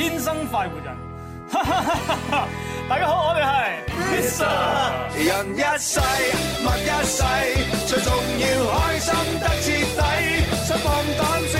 天生快活人，哈哈哈哈哈，大家好，我哋係，yes, sir. 人一世，物一世，最重要開心得徹底，心放膽。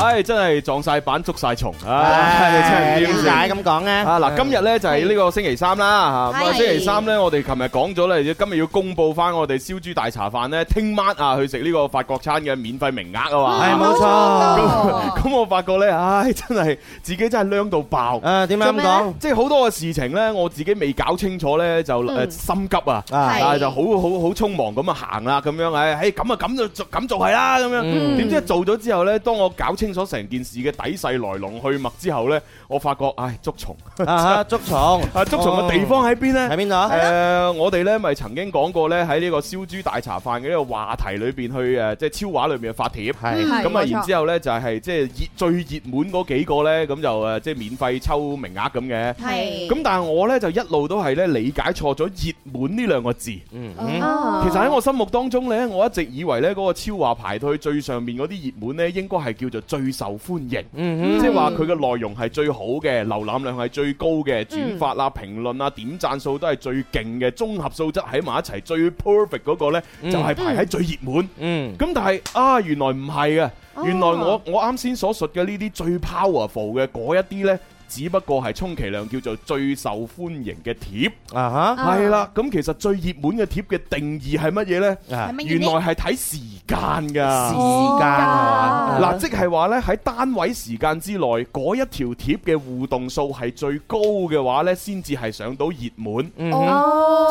哎，真係撞曬板捉曬蟲啊！點解咁講咧？啊嗱，今日咧就係呢個星期三啦。咁啊，星期三咧，我哋琴日講咗咧，今日要公佈翻我哋燒豬大茶飯咧，聽晚啊去食呢個法國餐嘅免費名額啊嘛。係冇錯。咁我發覺咧，唉，真係自己真係僆到爆啊！點解咁講？即係好多嘅事情咧，我自己未搞清楚咧，就誒心急啊，但係就好好好匆忙咁啊行啦，咁樣誒，咁啊咁就咁做係啦，咁樣點知做咗之後咧，當我搞清清楚成件事嘅底細來龍去脈之後呢，我發覺唉，捉蟲啊，捉蟲啊，捉蟲嘅地方喺邊呢？喺邊度？誒、uh,，我哋呢咪曾經講過呢，喺呢個燒豬大茶飯嘅呢個話題裏邊去誒，即、就、係、是、超話裏面發帖，係咁啊，嗯、然之後咧就係即係熱最熱門嗰幾個呢，咁就誒即係免費抽名額咁嘅，咁、嗯、但係我呢，就一路都係咧理解錯咗熱門呢兩個字，嗯，嗯嗯其實喺我心目當中呢，我一直以為呢嗰個超話排到最上面嗰啲熱門呢，應該係叫做最受歡迎，即係話佢嘅內容係最好嘅，瀏覽量係最高嘅，轉、mm hmm. 發啦、啊、評論啦、點讚數都係最勁嘅，綜合素質喺埋一齊最 perfect 嗰個呢，mm hmm. 就係排喺最熱門。咁、mm hmm. 但係啊，原來唔係啊，原來我我啱先所述嘅呢啲最 powerful 嘅嗰一啲呢。只不過係充其量叫做最受歡迎嘅貼，啊嚇、uh，係、huh. 啦。咁其實最熱門嘅貼嘅定義係乜嘢呢？Uh huh. 原來係睇時間㗎。Uh huh. 時間嗱、uh huh. 啊，即係話呢，喺單位時間之內，嗰一條貼嘅互動數係最高嘅話呢，先至係上到熱門。即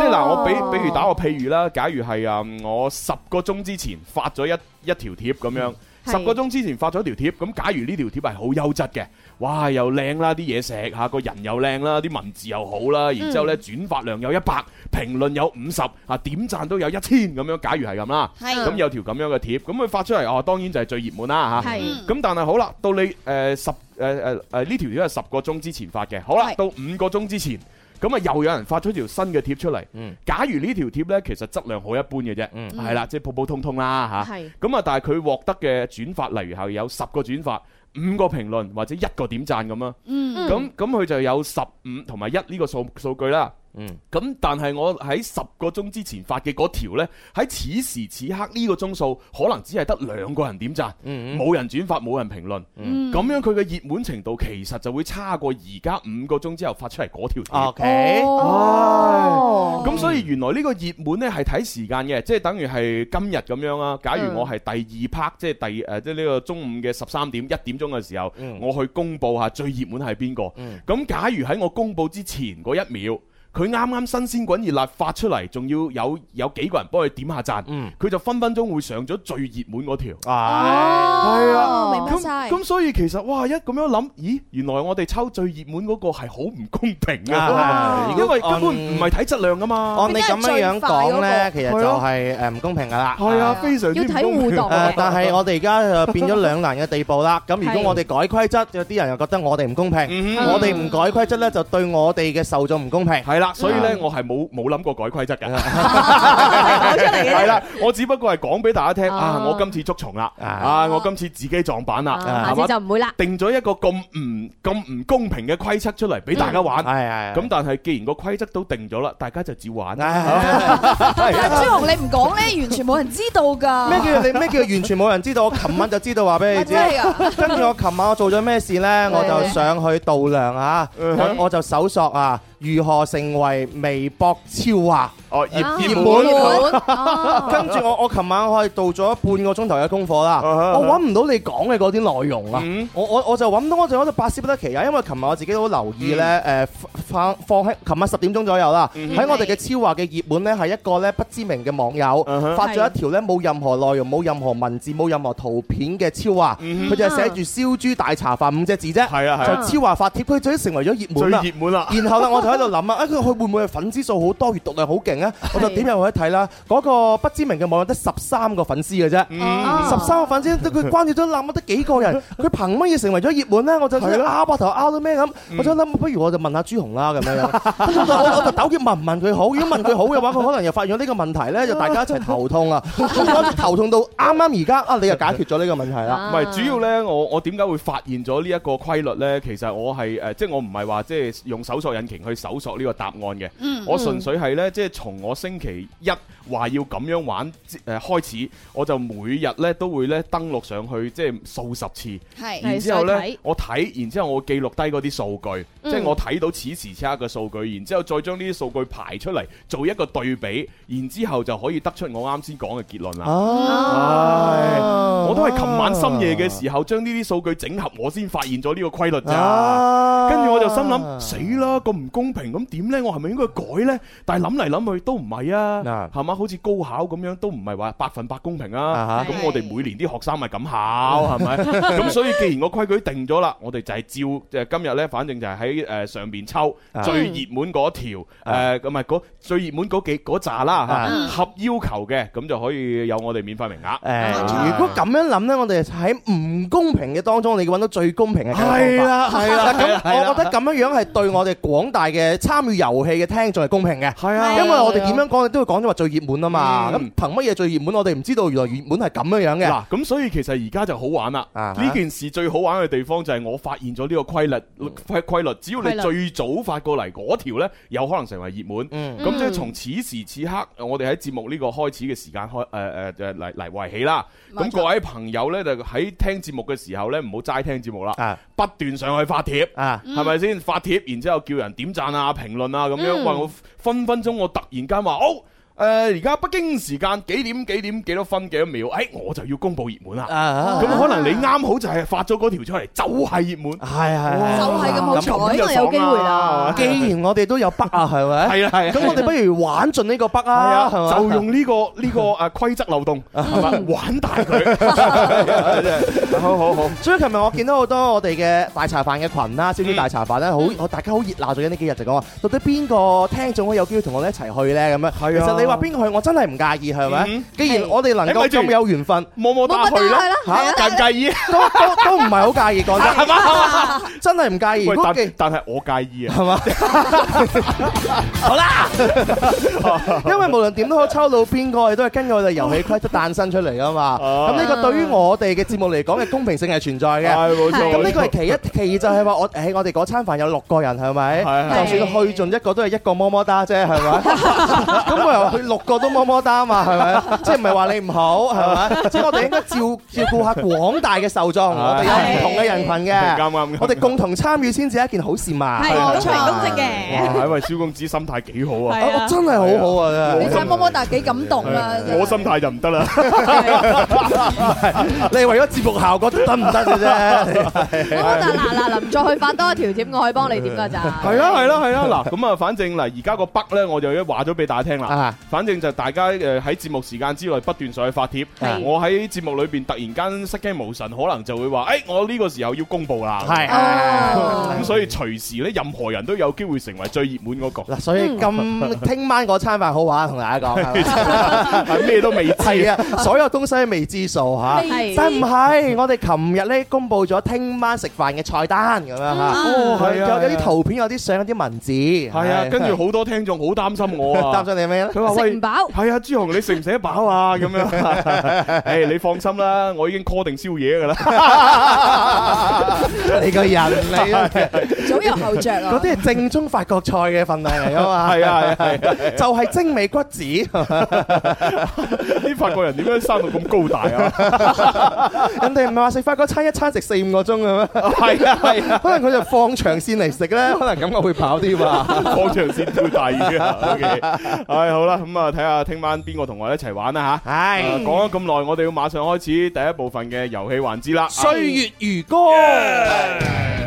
係嗱、呃，我比比如打個譬如啦，假如係啊、嗯，我十個鐘之前發咗一一條貼咁樣。Uh huh. 十個鐘之前發咗條貼，咁假如呢條貼係好優質嘅，哇，又靚啦，啲嘢石嚇，個人又靚啦，啲文字又好啦，然之後呢，嗯、轉發量有一百，評論有五十、啊，嚇點讚都有一千咁樣。假如係咁啦，咁、嗯、有條咁樣嘅貼，咁佢發出嚟，哦，當然就係最熱門啦嚇。咁、啊、是但係好啦，到你誒、呃、十誒誒呢條貼係十個鐘之前發嘅，好啦，到五個鐘之前。是嗯咁啊，又有人發出條新嘅貼出嚟。嗯、假如呢條貼呢，其實質量好一般嘅啫，係啦、嗯，即係、就是、普普通通啦嚇。咁係啊，但係佢獲得嘅轉發，例如係有十個轉發、五個評論或者一個點讚咁啊。咁咁佢就有十五同埋一呢個數數據啦。嗯，咁但係我喺十個鐘之前發嘅嗰條呢，喺此時此刻呢個鐘數可能只係得兩個人點讚，冇、嗯嗯、人轉發，冇人評論，咁、嗯、樣佢嘅熱門程度其實就會差過而家五個鐘之後發出嚟嗰條。O K，哦，咁所以原來呢個熱門呢係睇時間嘅，即係等於係今日咁樣啦、啊。假如我係第二 part，、嗯、即係第誒、呃、即係呢個中午嘅十三點一點鐘嘅時候，嗯、我去公布下最熱門係邊個。咁、嗯、假如喺我公布之前嗰一秒。佢啱啱新鮮滾熱辣發出嚟，仲要有有幾個人幫佢點下讚，佢就分分鐘會上咗最熱門嗰條。係，係啊。咁咁，所以其實哇，一咁樣諗，咦，原來我哋抽最熱門嗰個係好唔公平嘅，因為根本唔係睇質量㗎嘛。按你咁樣樣講咧，其實就係誒唔公平噶啦。係啊，非常之唔公平。但係我哋而家就變咗兩難嘅地步啦。咁如果我哋改規則，有啲人又覺得我哋唔公平；我哋唔改規則咧，就對我哋嘅受眾唔公平。係啦，所以咧，我係冇冇諗過改規則嘅。係啦，我只不過係講俾大家聽啊！我今次捉蟲啦，啊，我今次自己撞板啦，下次就唔會啦。定咗一個咁唔咁唔公平嘅規則出嚟俾大家玩，係係。咁但係既然個規則都定咗啦，大家就照玩啦。但係朱紅你唔講咧，完全冇人知道噶。咩叫你咩叫完全冇人知道？我琴晚就知道話俾你知。真係噶。跟住我琴晚我做咗咩事咧？我就上去度量啊，我就搜索啊。如何成為微博超話？哦，熱熱門，跟住我，我琴晚我係做咗半個鐘頭嘅功課啦。我揾唔到你講嘅嗰啲內容啦。我我就揾到，我就揾到百思不得其解。因為琴晚我自己都留意呢。誒放放喺琴晚十點鐘左右啦，喺我哋嘅超話嘅熱門呢，係一個呢不知名嘅網友發咗一條呢冇任何內容、冇任何文字、冇任何圖片嘅超話，佢就係寫住燒豬大茶飯五隻字啫。係啊，係就超話發帖，佢就已經成為咗熱門啦。最熱門啦。然後呢，我。喺度諗啊！啊佢佢會唔會粉絲數好多、閲讀量好勁咧？我就點入去睇啦。嗰個不知名嘅網友得十三個粉絲嘅啫，十三個粉絲都佢關注咗冧乜得幾個人？佢憑乜嘢成為咗熱門咧？我就係啦，阿伯頭拗到咩咁？我就諗，不如我就問下朱紅啦，咁樣樣。我就糾結問唔問佢好？如果問佢好嘅話，佢可能又發現咗呢個問題咧，就大家一齊頭痛啊！頭痛到啱啱而家啊！你又解決咗呢個問題啦？唔係主要咧，我我點解會發現咗呢一個規律咧？其實我係誒，即係我唔係話即係用搜索引擎去。搜索呢個答案嘅，嗯、我純粹係咧，即係從我星期一。話要咁樣玩，誒開始，我就每日咧都會咧登錄上去，即係數十次。係，然之後咧，我睇，然之後我記錄低嗰啲數據，即係我睇到此時此刻嘅數據，然之後再將呢啲數據排出嚟做一個對比，然之後就可以得出我啱先講嘅結論啦。我都係琴晚深夜嘅時候將呢啲數據整合，我先發現咗呢個規律咋。跟住我就心諗，死啦，咁唔公平，咁點呢？我係咪應該改呢？但係諗嚟諗去都唔係啊，係嘛？好似高考咁樣都唔係話百分百公平啊！咁我哋每年啲學生咪咁考，係咪？咁所以既然個規矩定咗啦，我哋就係照今日呢，反正就係喺誒上邊抽最熱門嗰條誒，咁咪最熱門嗰幾嗰扎啦合要求嘅，咁就可以有我哋免費名額。如果咁樣諗呢，我哋喺唔公平嘅當中，你揾到最公平嘅係啦，係啦。咁我覺得咁樣樣係對我哋廣大嘅參與遊戲嘅聽眾係公平嘅。係啊，因為我哋點樣講，都會講咗話最熱。滿啊嘛，咁憑乜嘢最熱門？我哋唔知道，原來熱門係咁樣樣嘅。嗱，咁、嗯、所以其實而家就好玩啦。呢、啊、件事最好玩嘅地方就係我發現咗呢個規律，規規律。只要你最早發過嚟嗰條呢，有可能成為熱門。咁即係從此時此刻，我哋喺節目呢個開始嘅時間開，誒誒嚟嚟維起啦。咁錯各位朋友呢，就喺聽節目嘅時候呢，唔好齋聽節目啦，不斷、啊、上去發帖，係咪先？發帖，然之後叫人點讚啊、評論啊咁樣。喂、嗯嗯，我分分鐘我，我，我，我突然間話，好、哦！誒而家北京時間幾點幾點幾多分幾多秒？誒我就要公佈熱門啦。咁可能你啱好就係發咗嗰條出嚟，就係熱門。係係係。就係咁好彩，咁我哋就有機會啦。既然我哋都有北啊，係咪？係啊係。咁我哋不如玩盡呢個北啊，係嘛？就用呢個呢個誒規則漏洞係嘛？玩大佢。好好好。所以琴日我見到好多我哋嘅大茶飯嘅群啦，知唔知大茶飯咧？好，大家好熱鬧咗呢幾日，就講話到底邊個聽眾可以有機會同我哋一齊去咧？咁啊，係啊。你話邊個去？我真係唔介意係咪？既然我哋能夠咁有緣分，摩摩都去啦嚇！介唔介意，都都都唔係好介意講真，係嘛？真係唔介意。但但係我介意啊，係嘛？好啦，因為無論點都好，抽到邊個，我哋都係根據我哋遊戲規則誕生出嚟㗎嘛。咁呢個對於我哋嘅節目嚟講嘅公平性係存在嘅。係冇錯。咁呢個係其一，其二就係話我誒，我哋嗰餐飯有六個人係咪？係係。就算去盡一個都係一個摩摩嗒啫，係咪？咁我又。六個都摸摸單啊嘛，係咪？即係唔係話你唔好係咪？即係我哋應該照照顧下廣大嘅受眾，我哋有唔同嘅人羣嘅。啱啱，我哋共同參與先至係一件好事嘛。係冇錯，真正嘅。係，喂，小公子心態幾好啊？係啊，真係好好啊！真係。你睇摸摸單幾感動啊！我心態就唔得啦。係，你為咗節目效果得唔得嘅啫？摸摸單嗱嗱臨，再去發多一條帖，我可以幫你點噶咋？係啦，係啦，係啦。嗱咁啊，反正嗱而家個筆咧，我就已經話咗俾大家聽啦。反正就大家誒喺節目時間之內不斷上去發帖，我喺節目裏邊突然間失驚無神，可能就會話，誒，我呢個時候要公佈啦。係，咁所以隨時咧，任何人都有機會成為最熱門嗰個。嗱，所以咁聽晚嗰餐飯好玩，同大家講咩都未知啊，所有東西都未知數嚇。真唔係，我哋琴日咧公佈咗聽晚食飯嘅菜單咁樣嚇。哦，係啊，有有啲圖片，有啲相，有啲文字。係啊，跟住好多聽眾好擔心我啊。擔心你咩咧？佢話。喂，唔飽？係啊，朱紅，你食唔食得飽啊？咁樣，誒，你放心啦，我已經 call 定宵夜㗎啦。你個人嚟嘅。 早有後著啊！嗰啲係正宗法國菜嘅份量嚟 啊嘛，係啊係，啊啊啊就係精美骨子。啲 法國人點解生到咁高大啊？ 人哋唔係話食法國餐一餐食四五個鐘啊咩？係啊係啊，可能佢就放長線嚟食咧，可能感覺會跑啲嘛。 放長線釣大魚啊，OK 唉，好啦，咁啊睇下聽晚邊個同我一齊玩啦吓，係講咗咁耐，我哋要馬上開始第一部分嘅遊戲環節啦。歲、啊、月如歌。Yeah.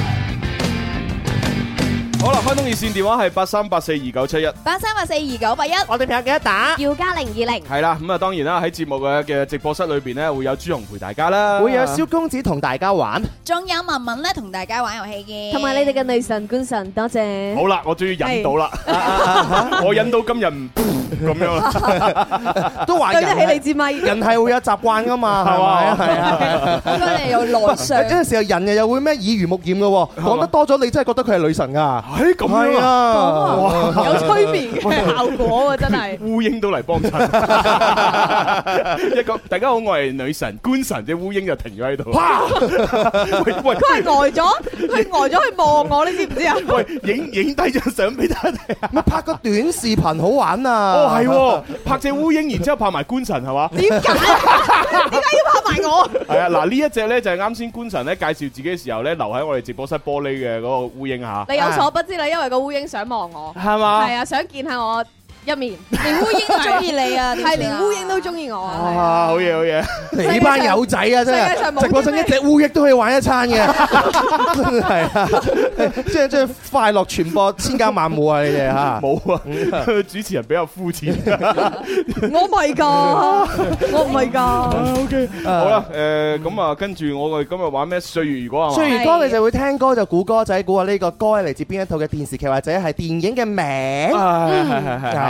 好啦，開通熱線電話係八三八四二九七一，八三八四二九八一，我哋聽記得打，要加零二零。係啦，咁啊，當然啦，喺節目嘅嘅直播室裏邊咧，會有朱紅陪大家啦，會有蕭公子同大家玩，仲有文文咧同大家玩遊戲嘅，同埋你哋嘅女神官神，多謝。好啦，我終於忍到啦，我忍到今日咁樣，都話忍得起你支咪，人係會有習慣噶嘛，係嘛？咁樣你又內傷，有陣時候人又又會咩耳濡目染噶，講得多咗，你真係覺得佢係女神噶。係咁，哎、啊！哇哇有催眠嘅效果啊，真係烏蠅都嚟幫襯。 一個大家好，我係女神官神，隻烏蠅就停咗喺度。哇！ 喂，佢係喂呆咗，佢呆咗，去望我，你知唔知啊？喂，影影低張相俾大家睇啊！拍個短視頻好玩啊！哦，係，哦，拍隻烏蠅，然之後拍埋官神，係嘛？點解？點解 要拍埋我？係啊， 嗱，呢一隻咧就係啱先官神咧介紹自己嘅時候咧，留喺我哋直播室玻璃嘅嗰個烏蠅吓。你有所不。知啦，因為個烏蠅想望我，係嘛嗎，係啊，想見下我。一面，連烏蠅都中意你啊！係連烏蠅都中意我啊！哇，好嘢好嘢！你班友仔啊，真係，直播室一隻烏蠅都可以玩一餐嘅，真係啊！即係即係快樂傳播千家萬戶啊！你哋吓冇啊！主持人比較膚淺，我唔係噶，我唔係噶。OK，好啦，誒咁啊，跟住我哋今日玩咩？歲月如歌啊！歲月如歌，你就會聽歌就估歌仔，估下呢個歌係嚟自邊一套嘅電視劇或者係電影嘅名。係係係。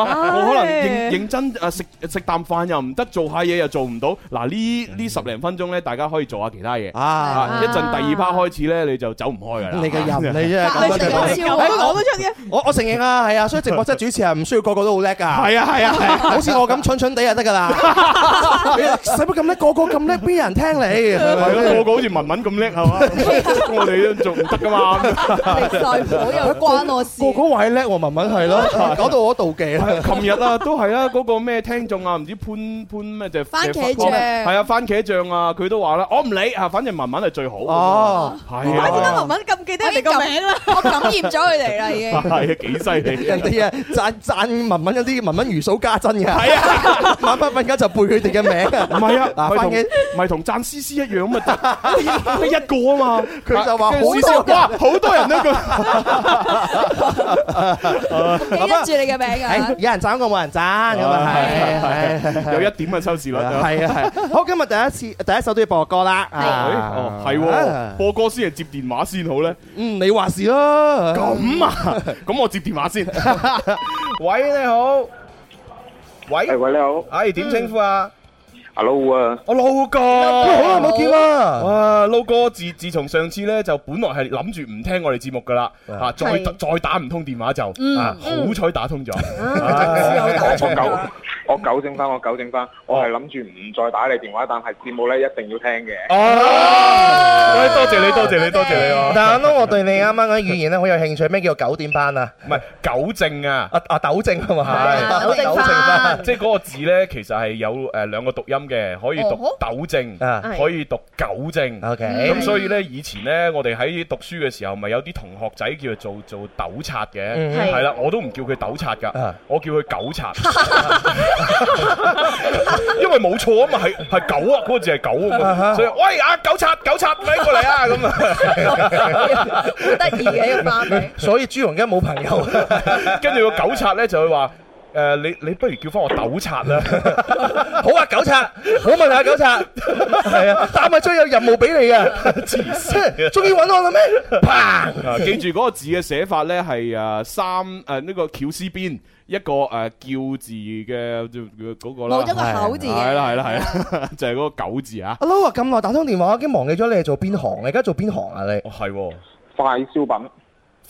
我可能認認真啊食食啖飯又唔得，做下嘢又做唔到。嗱呢呢十零分鐘咧，大家可以做下其他嘢。啊，一陣第二 part 開始咧，你就走唔開啦。你嘅人嚟啫，講得出嘅。我我承認啊，係啊，所以直播室主持人唔需要個個都好叻噶。係啊係啊，好似我咁蠢蠢地就得噶啦。使乜咁叻？個個咁叻邊有人聽你？係咯，個個好似文文咁叻係嘛？我哋都做唔得噶嘛。代補又關我事。個個話係叻，我文文係咯，搞到我妒忌啦。琴日啊，都係啊，嗰個咩聽眾啊，唔知潘潘咩就番茄醬，係啊，番茄醬啊，佢都話啦，我唔理啊，反正文文係最好哦，係啊，點解文文咁記得你個名咧？我感染咗佢哋啦，已經係啊，幾犀利！人哋啊讚讚文文有啲文文如數家珍噶，係啊，文文瞬間就背佢哋嘅名，唔係啊，佢同唔係同讚詩詩一樣啊嘛，一個啊嘛，佢就話好多哇，好多人都記得住你嘅名噶。有人讚過，冇人讚咁啊！係，有一點嘅收視率。係啊係，好，今日第一次第一首都要播歌啦。哦，係喎，播歌先係接電話先好咧。嗯，你話事咯。咁啊，咁我接電話先。喂，你好。喂，喂，你好。哎，點稱呼啊？阿 Low 啊！我 Low 哥，好耐冇叫啦。啊 Low 哥，自自從上次咧，就本來係諗住唔聽我哋節目噶啦，吓再再打唔通電話就，啊好彩打通咗。我九，正返，我九正返，我係諗住唔再打你電話，但係節目咧一定要聽嘅。哦，多謝你，多謝你，多謝你。啊。但係咧，我對你啱啱嗰個語言咧好有興趣。咩叫九點班啊？唔係九正啊？啊，阿斗正啊嘛？係九正班，即係嗰個字咧，其實係有誒兩個讀音。嘅可以讀斗正，可以讀九正。咁所以咧，以前咧，我哋喺讀書嘅時候，咪有啲同學仔叫做做做斗察嘅，係啦，我都唔叫佢斗察噶，我叫佢九察，因為冇錯啊嘛，係係九啊，個字係九啊嘛，所以喂啊，九察九察，咪過嚟啊，咁啊，好得意嘅一個班名。所以朱榮而家冇朋友，跟住個九察咧就會話。誒，uh, 你你不如叫翻我狗擦啦， 好啊，狗擦，我 問下狗擦，係啊，但係最有任務俾你啊，切 病，終 於搵我啦咩？Uh, 記住嗰個字嘅寫法咧，係、uh, 啊三誒呢、uh, 這個絞絲邊一個誒叫字嘅、那個，就嗰個啦，冇咗個口字，係啦係啦係， 就係嗰個九字啊！Hello 啊，咁耐、right, so、打通電話，我已經忘記咗你係做邊行？你而家做邊行啊？你係快消品。Oh,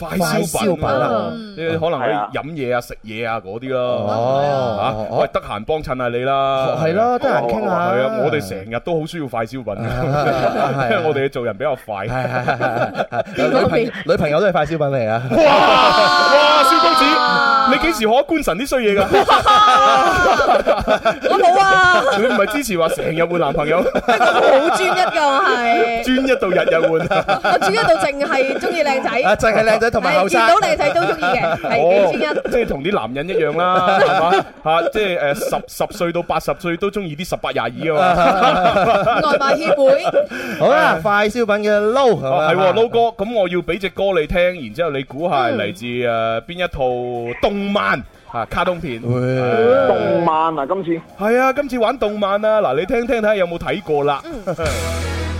快消品啊，啲可能去飲嘢啊、食嘢啊嗰啲咯。哦，嚇，我係得閒幫襯下你啦。係咯，得閒傾下。係啊，我哋成日都好需要快消品，因為我哋做人比較快。係係係係。邊個邊女朋友都係快消品嚟啊！哇哇，燒刀子。你幾時可觀神啲衰嘢㗎？我冇啊！你唔係支持話成日換男朋友？我好專一㗎，我係專一到日日換，我專一到淨係中意靚仔，淨係靚仔同埋後生。見到靚仔都中意嘅，係幾專一，即係同啲男人一樣啦，係嘛？嚇，即係誒十十歲到八十歲都中意啲十八廿二啊嘛！外賣協會好啊！快消品嘅 low 係嘛？係 low 哥，咁我要俾隻歌你聽，然之後你估下嚟自誒邊一套？凍。動漫吓、啊，卡通片。喂啊、動漫啊，今次係啊，今次玩動漫啊，嗱，你聽聽睇下有冇睇過啦。嗯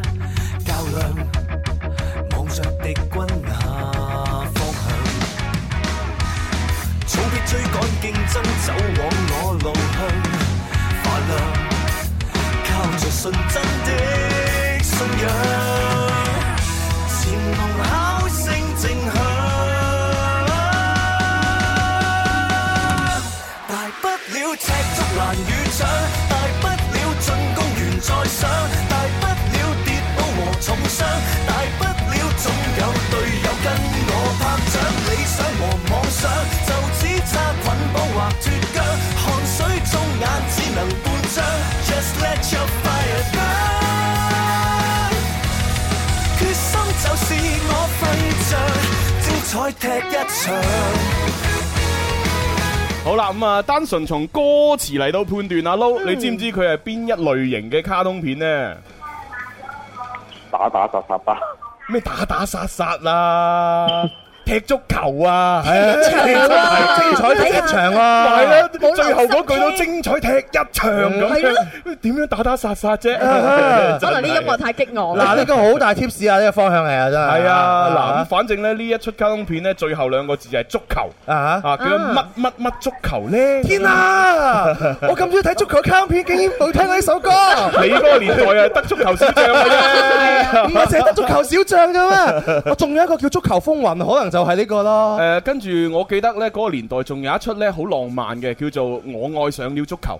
決心就是我，精彩踢一場。好啦，咁啊，單純從歌詞嚟到判斷啊，撈你知唔知佢係邊一類型嘅卡通片呢？打打殺殺吧，咩打打殺殺啊？踢足球啊，精彩踢一場啊，係啦，最後嗰句都精彩踢一場咁樣，點樣打打殺殺啫？可能啲音樂太激昂啦。嗱，呢個好大 tips 啊，呢個方向嚟啊真係。係啊，嗱，反正咧呢一齣卡通片咧最後兩個字就係足球啊，啊叫乜乜乜足球咧？天啊！我咁中意睇足球卡通片，竟然冇聽過呢首歌。你嗰個年代啊，得足球小將唔係淨係得足球小將噶咩？我仲有一個叫足球風雲，可能。就係呢個咯，誒、呃，跟住我記得呢嗰、那個年代仲有一出呢，好浪漫嘅，叫做我愛上了足球。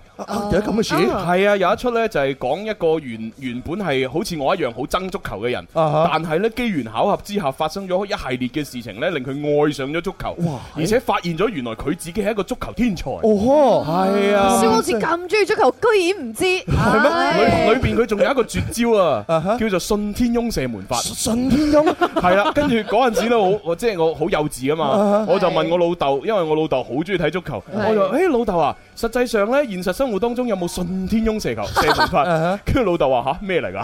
有咁嘅事？係、uh, 啊，有一出呢就係、是、講一個原原本係好似我一樣好憎足球嘅人，uh huh. 但係呢機緣巧合之下發生咗一系列嘅事情呢令佢愛上咗足球。嘩而且發現咗原來佢自己係一個足球天才。哦、uh，係、huh, 啊、哎呀。蕭老師咁中意足球，居然唔知係咩？以裏裏邊佢仲有一個絕招啊，uh huh. 叫做信天翁射門法。順天翁？係啦， 跟住嗰陣時咧，我我即係。好幼稚啊嘛！啊我就問我老豆，是因為我老豆好中意睇足球，是我就誒，老豆啊。實際上咧，現實生活當中有冇信天翁射球射門法？跟住、uh huh. 老豆話吓，咩嚟㗎？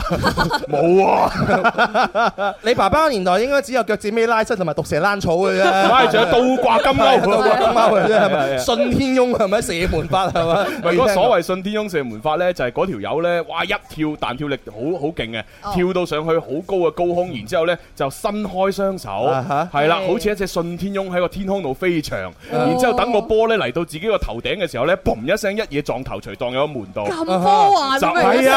冇 有啊！ 你爸爸年代應該只有腳趾尾拉出同埋毒蛇躝草嘅啫、啊。係仲、 哎、有倒掛金鈎、 哎、 啊！倒掛金鈎㗎啫係咪？信天翁係咪射門法係咪？如果所謂信天翁射門法咧，就係、是、嗰條友咧，哇一跳彈跳力好好勁嘅，oh. 跳到上去好高嘅高空，然之後咧就伸開雙手，係啦、uh，好似一隻信天翁喺個天空度飛翔，然之後等個波咧嚟到自己個頭頂嘅時候咧。.嘣一聲，一嘢撞頭，隨蕩入個門度。咁科幻嘅，係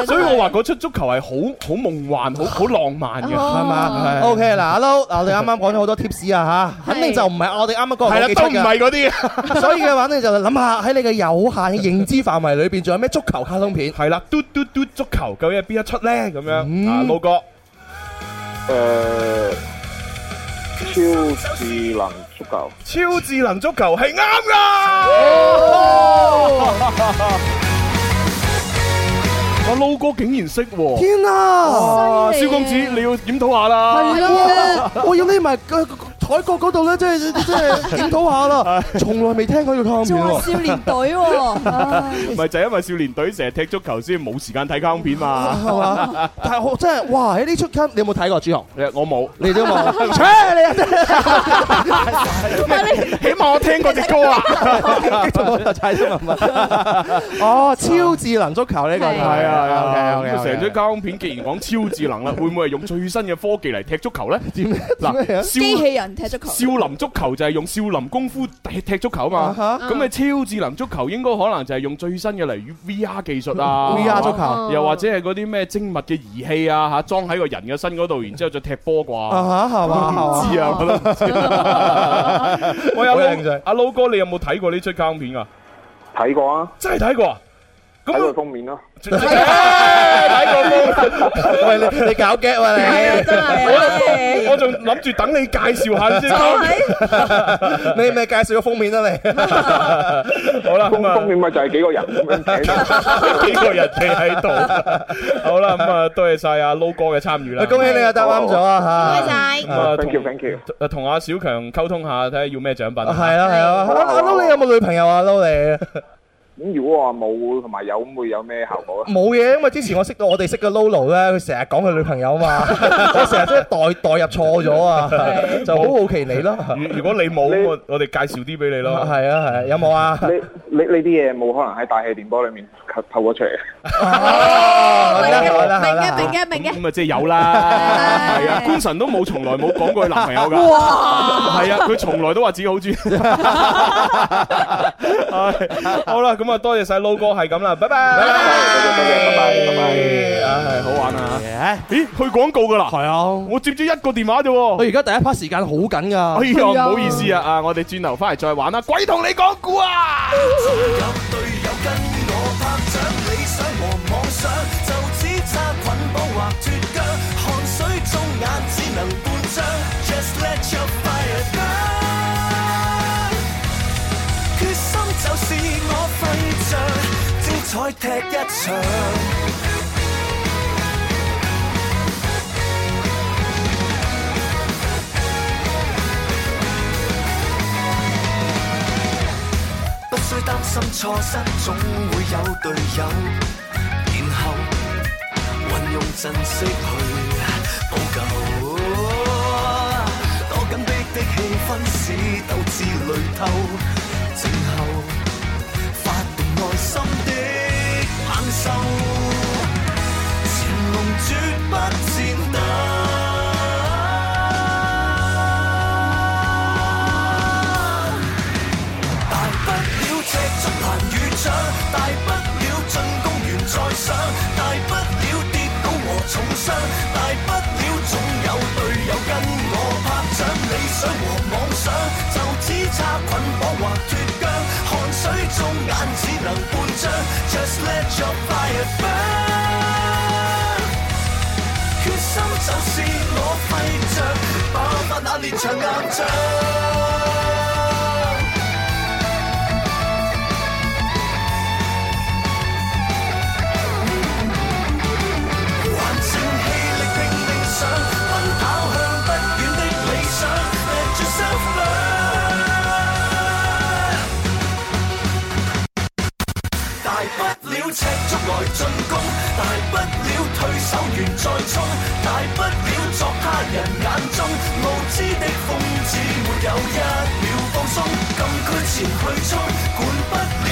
啊！所以我話嗰出足球係好好夢幻、好好浪漫嘅，係咪？O K 嗱，阿 Low，我哋啱啱講咗好多 tips 啊吓，肯定就唔係我哋啱啱講嘅。係啦，都唔係嗰啲。所以嘅話咧，就諗下喺你嘅有限認知範圍裏邊，仲有咩足球卡通片？係啦，嘟嘟嘟足球，究竟係邊一出咧？咁樣啊，老哥，誒，超智能。超智能足球係啱噶，我老哥竟然識喎！天啊！蕭哇害公子，你要檢討下啦，了 我要匿埋海角嗰度咧，即係即係檢討下啦，從來未聽過條卡通片喎。少年隊喎，唔係就因為少年隊成日踢足球先冇時間睇卡通片嘛，係嘛？但係我真係哇！喺呢出卡通，你有冇睇過？朱學，我冇，你都冇，切你！起碼我聽過隻歌啊，繼續多一題先啊嘛。哦，超智能足球呢個係啊，OK 成張卡通片，既然講超智能啦，會唔會係用最新嘅科技嚟踢足球咧？點嗱，機器人。少林足球就係用少林功夫踢足球啊嘛，咁你、啊、超智能足球應該可能就係用最新嘅例如 VR 技術啊，VR 足球，啊是是啊、又或者係嗰啲咩精密嘅儀器啊吓，裝喺個人嘅身嗰度，然之後再踢波啩，係嘛、啊，知，啊，唔知啊，我都唔知。我有阿 Low 哥，你有冇睇過呢出膠片啊？睇過啊真係，真係睇過。睇個封面咯，睇個封面，喂，你你搞 get 喂，真係，我仲諗住等你介紹下先，你咪介紹個封面啊你。好啦，封封面咪就係幾個人咁樣睇，幾個人企喺度，好啦，咁啊，多謝晒阿撈哥嘅參與啦，恭喜你啊答啱咗啊吓，唔該晒，唔該，thank you thank you，誒同阿小強溝通下，睇下要咩獎品，係啊係啊，阿撈你有冇女朋友啊撈你？咁如果話冇同埋有咁會有咩效果啊？冇嘢，因為之前我識到我哋識嘅 Lolo 咧，佢成日講佢女朋友啊嘛，我成日都係代代入錯咗啊，就好好奇你咯。如果你冇，我我哋介紹啲俾你咯。係啊係，有冇啊？你你呢啲嘢冇可能喺大氣電波裏面透透咗出嚟。明嘅明嘅明嘅，咁啊即係有啦。係啊，官神都冇，從來冇講過佢男朋友噶。哇！係啊，佢從來都話自己好專。係好啦。咁啊，多謝晒撈哥，係咁啦，拜拜。拜拜，拜拜。唉，好玩啊！嚇，咦，去廣告噶啦？係啊，我接咗一個電話啫喎。佢而家第一 part 時間好緊噶。哎呀，唔好意思啊，啊，我哋轉頭翻嚟再玩啦。鬼同你講故啊！精彩踢一場， 不需擔心錯失，總會有隊友。然後運用陣式去補救。多緊迫的氣氛使鬥志累透，靜候。內心的猛獸，潛龍絕不戰鬥。 大不了赤足彈雨掌，大不了進攻完再想，大不了跌倒和重傷，大不了總有隊友跟我拍掌。理想和妄想，就只差捆綁，綁或脫韁。水中眼只能半張，Just let your fire burn。決心就是我揮著，爆發那烈焰硬仗。大不了赤足來進攻，大不了退守完再衝，大不了作他人眼中無知的瘋子，沒有一秒放鬆，禁區前去衝，管不了。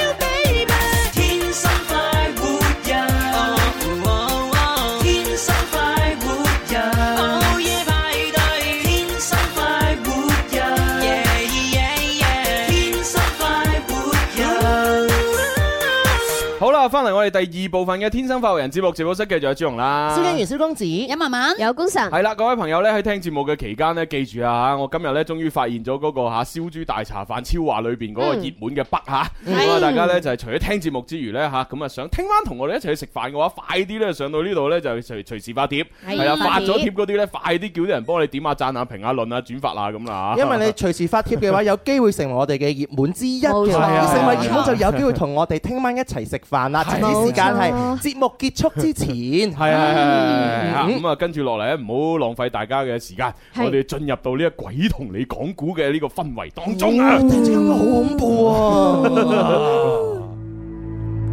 我哋第二部分嘅《天生快活人》節目直播室繼續有朱紅啦，蕭敬儀、蕭公子、一萬萬有功臣，係啦，各位朋友咧喺聽節目嘅期間呢，記住啊嚇，我今日咧終於發現咗嗰個嚇燒豬大茶飯超話裏邊嗰個熱門嘅北嚇，咁啊大家咧就係除咗聽節目之餘咧嚇，咁啊想聽晚同我哋一齊食飯嘅話，快啲咧上到呢度咧就隨隨時發帖，係啊，發咗帖嗰啲咧快啲叫啲人幫你點下讚下評下論啊、轉發啊咁啦，因為你隨時發帖嘅話，有機會成為我哋嘅熱門之一嘅，成為熱門就有機會同我哋聽晚一齊食飯啦。時間係節目結束之前，係 啊，咁啊，跟住落嚟咧，唔好浪費大家嘅時間，是我哋進入到呢個鬼同你講古嘅呢個氛圍當中啊，好恐怖啊！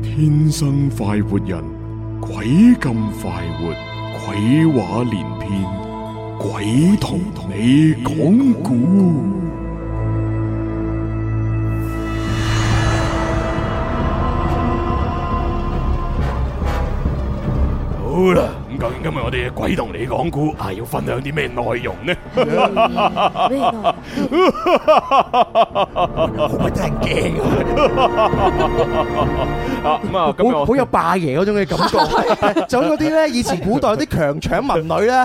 天生快活人，鬼咁快活，鬼話連篇，鬼同你講古。啦，咁、嗯、究竟今日我哋嘅鬼同你講古，係、啊、要分享啲咩內容呢？喂，真係驚啊！咁啊，咁、啊啊啊、好，好有霸爺嗰種嘅感覺，就係嗰啲咧，以前古代嗰啲強搶民女咧，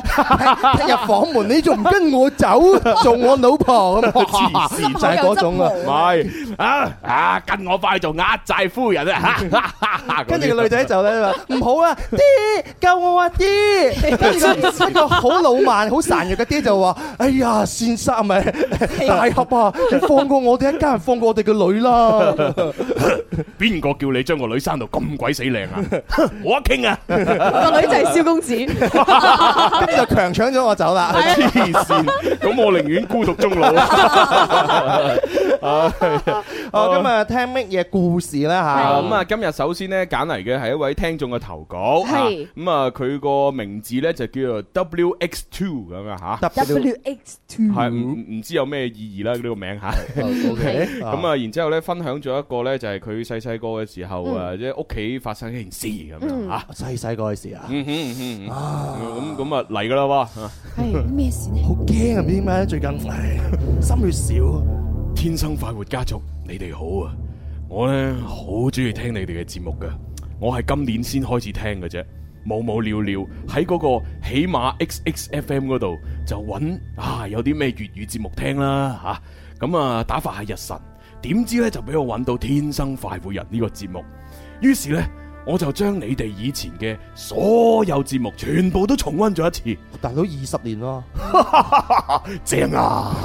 入房門你仲唔跟我走，做我老婆咁啊，事 就係、是、嗰種啊，係。啊啊！跟我快去做壓寨夫人啊！跟住個女仔就咧話唔好啊，爹救我啊，爹！跟住呢個好 老邁、好孱弱嘅爹就話：哎呀，善殺咪，係大俠啊，放過我哋一家人，放過我哋嘅女啦！邊個 叫你將個女生到咁鬼死靚啊？我一傾啊，個女仔係蕭公子，跟住就強搶咗我走啦！黐線 咁我寧願孤獨終老、啊。唉、 啊。 哦，咁啊，今日聽乜嘢故事咧吓？咁啊，今日首先咧揀嚟嘅係一位聽眾嘅投稿，係咁啊，佢個名字咧就叫做 W X Two 咁啊吓，W X Two 係唔唔知有咩意義啦呢個名吓。O K，咁啊，然之後咧分享咗一個咧就係佢細細個嘅時候誒，即係屋企發生一件事咁啊，細細個嘅事啊，嗯嗯咁咁啊嚟噶啦喎，係咩事好驚啊！唔知點解最近心血少？天生快活家族，你哋好啊！我呢，好中意聽你哋嘅節目噶，我係今年先開始聽嘅啫，冇冇聊聊喺嗰個起碼 X X F M 嗰度就揾啊有啲咩粵語節目聽啦吓，咁啊，啊打發下日神，點知呢，就俾我揾到天生快活人呢個節目，於是呢。我就將你哋以前嘅所有節目全部都重溫咗一次，大到二十年咯， 正啊！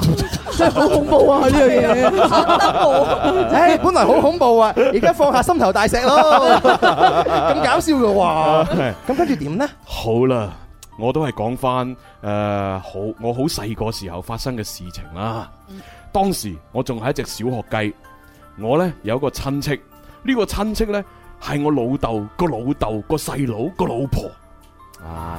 真係好恐怖啊呢樣嘢，恐怖！唉，本來好恐怖啊，而家放下心頭大石咯，咁 搞笑嘅？咁跟住點呢？好啦，我都係講翻誒，好我好細個時候發生嘅事情啦，啊。當時我仲係一隻小學雞，我咧有一個親戚，這個親戚這個、親戚呢、這個親戚咧。係我老豆個老豆個細佬個老婆。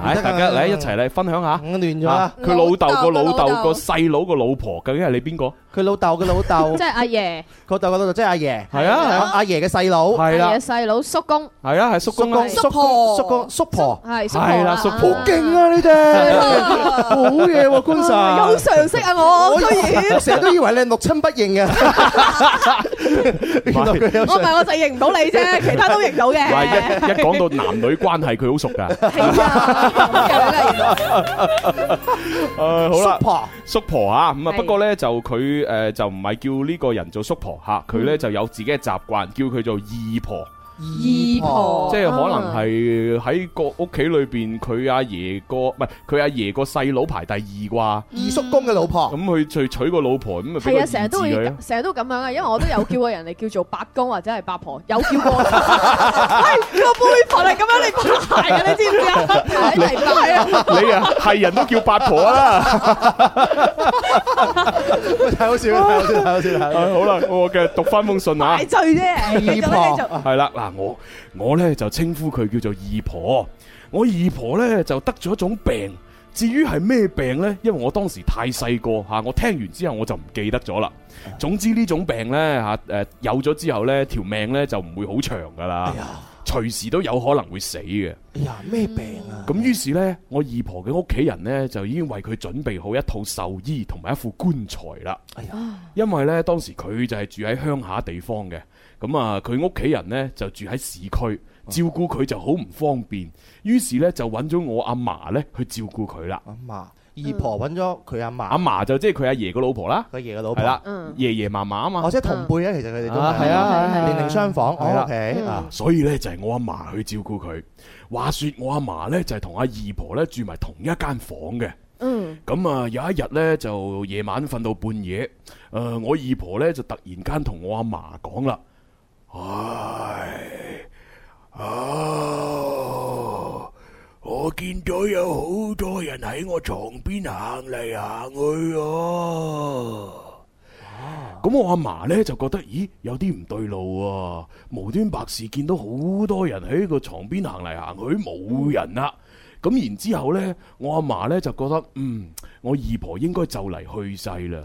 哎，大家嚟一齊嚟分享下，亂咗啦！佢老豆個老豆個細佬個老婆，究竟係你邊個？佢老豆嘅老豆，即係阿爺。佢老豆嘅老豆，即係阿爺。係啊，係阿爺嘅細佬，係啦，細佬叔公。係啊，係叔公公、叔婆、叔公、叔婆。係，係啦，叔婆勁啊，呢對好嘢，官 Sir。有常識啊，我。我成日都以為你六親不認嘅。我唔係，我就係認唔到你啫，其他都認到嘅。一講到男女關係，佢好熟噶。誒、 啊，好啦，叔婆，叔婆吓，咁啊，不過咧是就佢誒、呃，就唔係叫呢個人做叔婆吓，佢、啊、咧、嗯、就有自己嘅習慣，叫佢做二婆。二婆，即係可能係喺個屋企裏邊，佢阿爺個唔係佢阿爺個細佬排第二啩，二叔公嘅老婆，咁佢、嗯嗯、娶娶個老婆咁啊，係啊，成日都會，成日都咁樣啊，因為我都有叫過人哋叫做八公或者係八婆， 有叫過、就是，喂、 哎，呢個輩分係咁樣嚟排嘅，你知唔知 你白 啊？係啊，你啊係人都叫八婆啊！ 太好笑，太好笑，太 好笑啦！好啦，我繼續讀翻封信啊，大罪啫， 二婆係啦，嗱，我我呢就稱呼佢叫做二婆，我二婆呢就得咗一種病，至於係咩病呢？因為我當時太細個吓，我聽完之後我就唔記得咗啦。總之呢種病呢，吓，誒有咗之後呢條命呢，就唔會好長噶啦。隨時都有可能會死嘅。哎呀，咩病啊？咁於是呢，我二婆嘅屋企人呢，就已經為佢準備好一套壽衣同埋一副棺材啦。哎呀，因為呢，當時佢就係住喺鄉下地方嘅，咁啊佢屋企人呢，就住喺市區，照顧佢就好唔方便。於是呢，就揾咗我阿嫲呢去照顧佢啦。阿嫲、啊。二婆揾咗佢阿嫲，阿嫲就即係佢阿爺個老婆啦，佢爺個老婆，爺爺嫲嫲啊嘛，或者同輩咧，其實佢哋都係啊，年齡相仿，OK，所以咧就係我阿嫲去照顧佢。話說我阿嫲咧就係同阿二婆咧住埋同一間房嘅，咁啊有一日咧就夜晚瞓到半夜，誒我二婆咧就突然間同我阿嫲講啦，唉，啊！我見到有好多人喺我床邊行嚟行去哦、啊，咁、啊、我阿嫲呢，就覺得咦，有啲唔對路啊。無端白事見到好多人喺個床邊行嚟行去，冇人啦、啊。咁然之後呢，我阿嫲呢就覺得嗯，我二婆應該就嚟去世啦。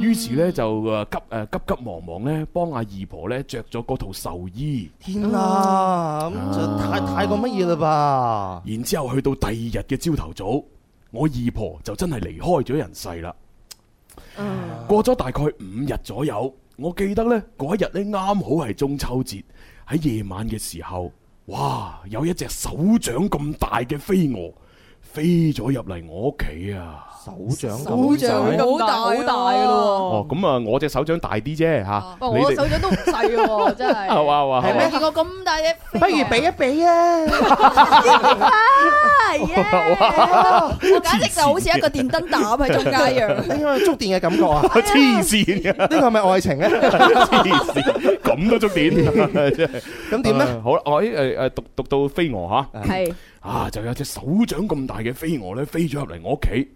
於、啊、是呢，就誒急誒、呃、急急忙忙呢幫阿二婆呢着咗嗰套壽衣。天哪啊！咁、嗯、就太太過乜嘢啦吧？啊、然之後去到第二日嘅朝頭早，我二婆就真係離開咗人世啦。啊、過咗大概五日左右，我記得呢嗰一日呢啱好係中秋節，喺夜晚嘅時候。哇！有一隻手掌咁大嘅飛蛾。飛咗入嚟我屋企啊！手掌咁大，咁大咯！哦，咁啊，我隻手掌大啲啫，吓！我手掌都唔細嘅，真係。哇哇！係咪見過咁大嘅？不如比一比啊！哇！簡直就好似一個電燈膽喺中間樣。呢個觸電嘅感覺啊！黐線啊！呢個係咪愛情咧？黐線！咁都觸電，真係。咁點咧？好啦，我誒誒讀讀到飛蛾吓。係。啊！就有隻手掌咁大嘅飛蛾咧，飛咗入嚟我屋企。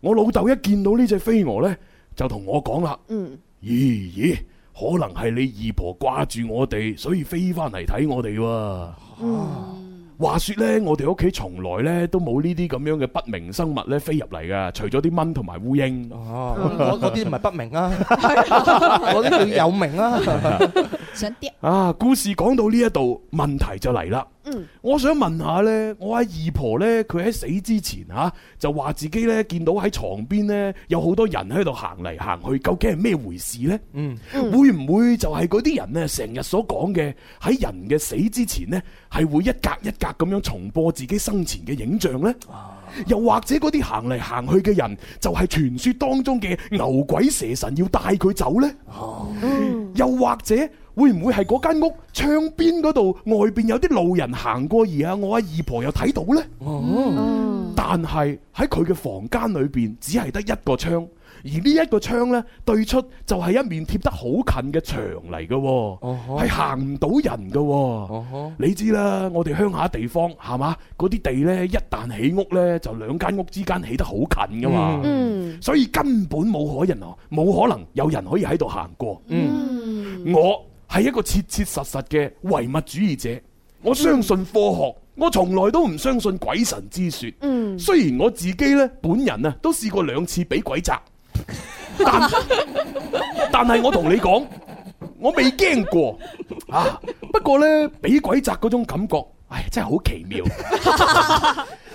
我老豆一見到呢隻飛蛾呢，就同我講啦，嗯，咦咦，可能係你二婆掛住我哋，所以飛翻嚟睇我哋。哇、啊！嗯、話說呢，我哋屋企從來呢都冇呢啲咁樣嘅不明生物呢飛入嚟噶，除咗啲蚊同埋烏蠅。哦、嗯，嗰啲唔係不明啊，我啲叫有名啊。 想啲掉啊！故事講到呢一度，問題就嚟啦。嗯，我想問下呢，我阿二婆呢，佢喺死之前吓、啊、就話自己呢，見到喺床邊呢，有好多人喺度行嚟行去，究竟係咩回事呢？嗯，會唔會就係嗰啲人呢，成日所講嘅喺人嘅死之前呢，係會一格一格咁樣重播自己生前嘅影像呢？啊、又或者嗰啲行嚟行去嘅人就係、是、傳說當中嘅牛鬼蛇神要帶佢走呢？啊嗯、又或者？會唔會係嗰間屋窗邊嗰度外邊有啲路人行過而啊？我阿二婆又睇到呢。嗯、但係喺佢嘅房間裏邊，只係得一個窗，而呢一個窗呢，對出就係一面貼得好近嘅牆嚟嘅，係、啊、哈行唔到人嘅、哦。啊、哈你知啦，我哋鄉下地方係嘛？嗰啲地呢，一旦起屋呢，就兩間屋之間起得好近噶嘛。嗯、所以根本冇可能，冇可能有人可以喺度行過。嗯嗯、我。係一個切切實實嘅唯物主義者，我相信科學，我從來都唔相信鬼神之說。嗯，雖然我自己呢，本人啊都試過兩次俾鬼壓，但但係我同你講，我未驚過啊。不過呢，俾鬼壓嗰種感覺，唉，真係好奇妙。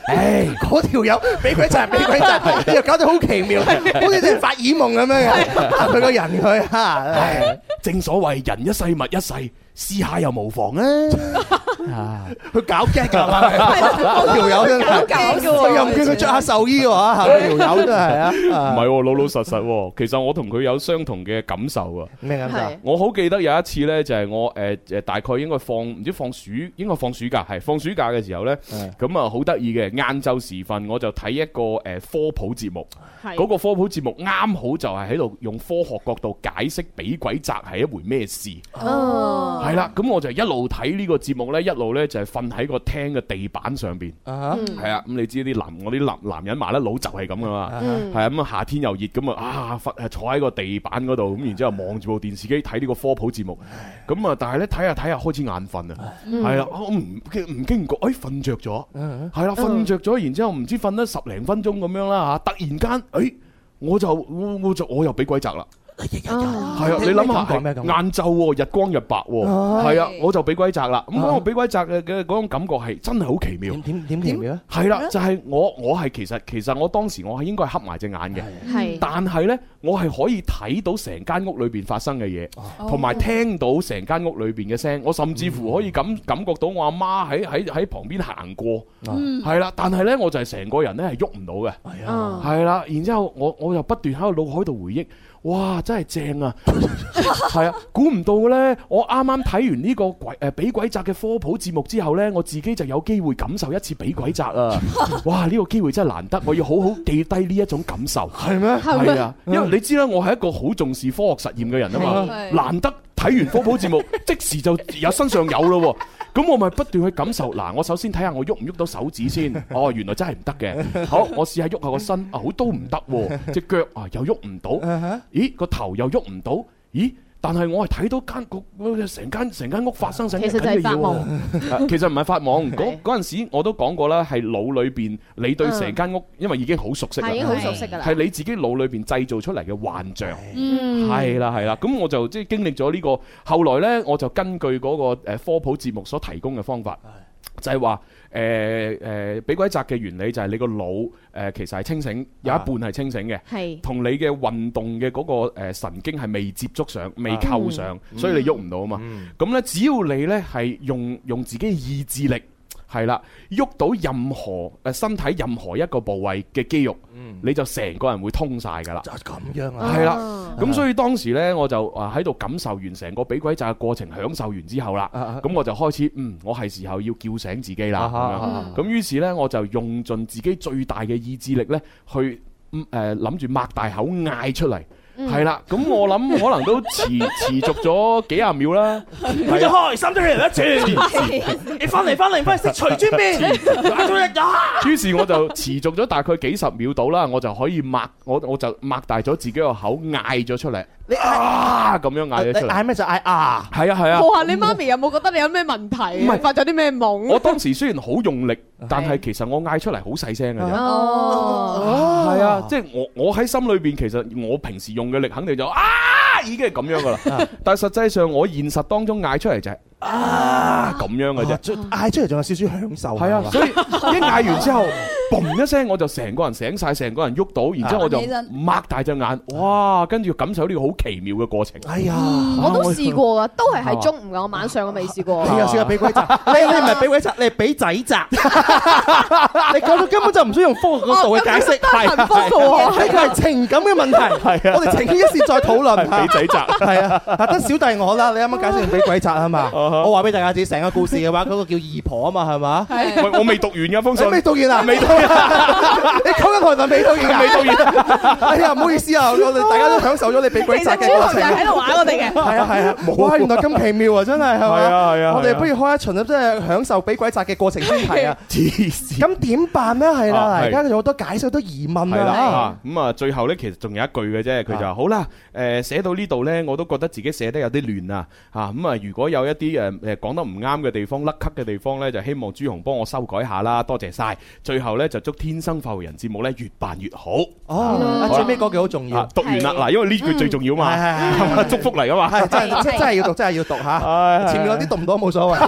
唉，嗰條友俾鬼壓，俾鬼壓，又搞到好奇妙，好似啲人發耳夢咁樣嘅，佢個人佢吓。正所謂人一世物一世，試下又無妨咧、啊。 啊！佢搞 gag 噶嘛？嗰條友真係，佢又唔見佢着下壽衣嘅話，嗰條友真係啊！唔係，老老實實。其實我同佢有相同嘅感受啊！咩感受？我好記得有一次咧，就係我誒誒，大概應該放唔知放暑，應該放暑假係放暑假嘅時候咧，咁啊好得意嘅。晏晝時分，我就睇一個誒科普節目，嗰個科普節目啱好就係喺度用科學角度解釋俾鬼責係一回咩事哦。係啦，咁我就一路睇呢個節目咧一。路咧就係瞓喺個廳嘅地板上邊，係啊、uh，咁、huh. 你知啲男我啲男男人麻甩佬就係咁噶嘛，係啊、uh，咁、huh. 啊夏天又熱咁啊，啊瞓坐喺個地板嗰度，咁然之後望住部電視機睇呢個科普節目，咁啊、uh，huh. 但係咧睇下睇下開始眼瞓啊，係啊、uh huh.，我唔經唔經唔覺，哎瞓着咗，係啦，瞓着咗，然之後唔知瞓得十零分鐘咁樣啦吓，突然間，哎我就我我就我又俾鬼責啦。係啊，你諗下，晏晝日光日白喎，係啊，我就俾鬼砸啦。咁我俾鬼砸嘅嘅嗰種感覺係真係好奇妙。點點奇妙？係啦，就係我我係其實其實我當時我係應該係黑埋隻眼嘅，但係咧我係可以睇到成間屋裏邊發生嘅嘢，同埋聽到成間屋裏邊嘅聲。我甚至乎可以感感覺到我阿媽喺喺喺旁邊行過，係啦。但係咧我就係成個人咧係喐唔到嘅，係啦。然之後我我又不斷喺個腦海度回憶。哇！真係正啊，係 啊，估唔到呢。我啱啱睇完呢個鬼誒俾、呃、鬼壓嘅科普節目之後呢，我自己就有機會感受一次俾鬼壓啊！ 哇！呢、呢個機會真係難得，我要好好記低呢一種感受，係咩、 啊？係啊，因為你知啦，我係一個好重視科學實驗嘅人啊嘛，啊啊難得睇完科普節目， 即時就有身上有咯喎、啊。咁我咪不斷去感受，嗱，我首先睇下我喐唔喐到手指先，哦，原來真係唔得嘅。好，我試下喐下個身，哦，啊，好都唔得，隻腳啊又喐唔到，咦，個頭又喐唔到，咦？但係我係睇到間屋成間成間屋發生晒、啊 啊，其實就係發夢。其實唔係發夢，嗰嗰陣時我都講過啦，係腦裏邊你對成間屋，嗯、因為已經好熟悉，係已經好熟悉噶啦，係的你自己腦裏邊製造出嚟嘅幻象，係啦係啦。咁的我就即係經歷咗呢個，後來呢，我就根據嗰個誒科普節目所提供嘅方法，的的就係話。誒誒俾鬼砸嘅原理就係你個腦誒、呃、其實係清醒、啊、有一半係清醒嘅，同是你嘅運動嘅嗰個神經係未接觸上、未溝上，啊、所以你喐唔到啊嘛。咁咧、嗯，嗯、只要你咧係用用自己意志力。係啦，喐到任何誒身體任何一個部位嘅肌肉，嗯、你就成個人會通晒噶啦。就咁樣了啊？係啦，咁所以當時呢，我就啊喺度感受完成個俾鬼扎嘅過程，享受完之後啦，咁、啊、我就開始嗯，我係時候要叫醒自己啦。咁、啊、樣，於、啊、是呢，我就用盡自己最大嘅意志力呢，去誒諗住擘大口嗌出嚟。係啦，咁我諗可能都持持續咗幾十秒啦，佢就開，心，堆嚟得轉，你翻嚟翻嚟翻嚟識除磚咩？於是我就持續咗大概幾十秒到啦，我就可以擘我我就擘大咗自己個口，嗌咗出嚟。你啊，咁樣嗌咗出嚟。嗌咩就嗌啊，係啊係啊。冇啊，啊你媽咪有冇覺得你有咩問題？唔係我是發咗啲咩夢？我當時雖然好用力，Okay. 但係其實我嗌出嚟好細聲嘅啫哦，係、oh, 啊，啊即係我我喺心裏邊，其實我平時用嘅力肯定就啊已經係咁樣噶啦， 但係實際上我現實當中嗌出嚟就係。啊咁樣嘅啫，嗌出嚟仲有少少享受。係啊，所以一嗌完之後，嘣一聲我就成個人醒晒，成個人喐到，然之後我就擘大隻眼，哇！跟住感受呢個好奇妙嘅過程。係啊，我都試過啊，都係喺中午噶，我晚上我未試過。係啊，試下俾鬼砸。你唔係俾鬼砸，你俾仔砸。你講到根本就唔需要用科學角度去解釋，係科學。呢個係情感嘅問題。我哋請一時再討論。係俾仔砸。係啊，得小弟我啦，你啱啱解釋要俾鬼砸吖嘛？我話俾大家知，成個故事嘅話，嗰個叫姨婆啊嘛，係嘛？我我未讀完嘅封信，未讀完啊，未讀完。你講緊台文未讀完，未讀完。哎呀，唔好意思啊，我哋大家都享受咗你俾鬼殺嘅過程。喺度玩我哋嘅。係啊係啊，冇啊，原來咁奇妙啊，真係係啊係啊。我哋不如開一巡真即係享受俾鬼殺嘅過程先，係啊。黐線。咁點辦咧？係啦，而家有好多解釋好多疑問啊。咁啊，最後咧其實仲有一句嘅啫，佢就話好啦，誒寫到呢度咧，我都覺得自己寫得有啲亂啊。嚇咁啊，如果有一啲誒誒，講得唔啱嘅地方，甩級嘅地方咧，就希望朱紅幫我修改下啦，多謝晒。最後咧就祝《天生快活人》節目咧越辦越好。哦，最尾嗰句好重要，讀完啦，嗱，因為呢句最重要嘛，祝福嚟噶嘛，真係真係要讀，真係要讀吓。前面有啲讀唔到冇所謂，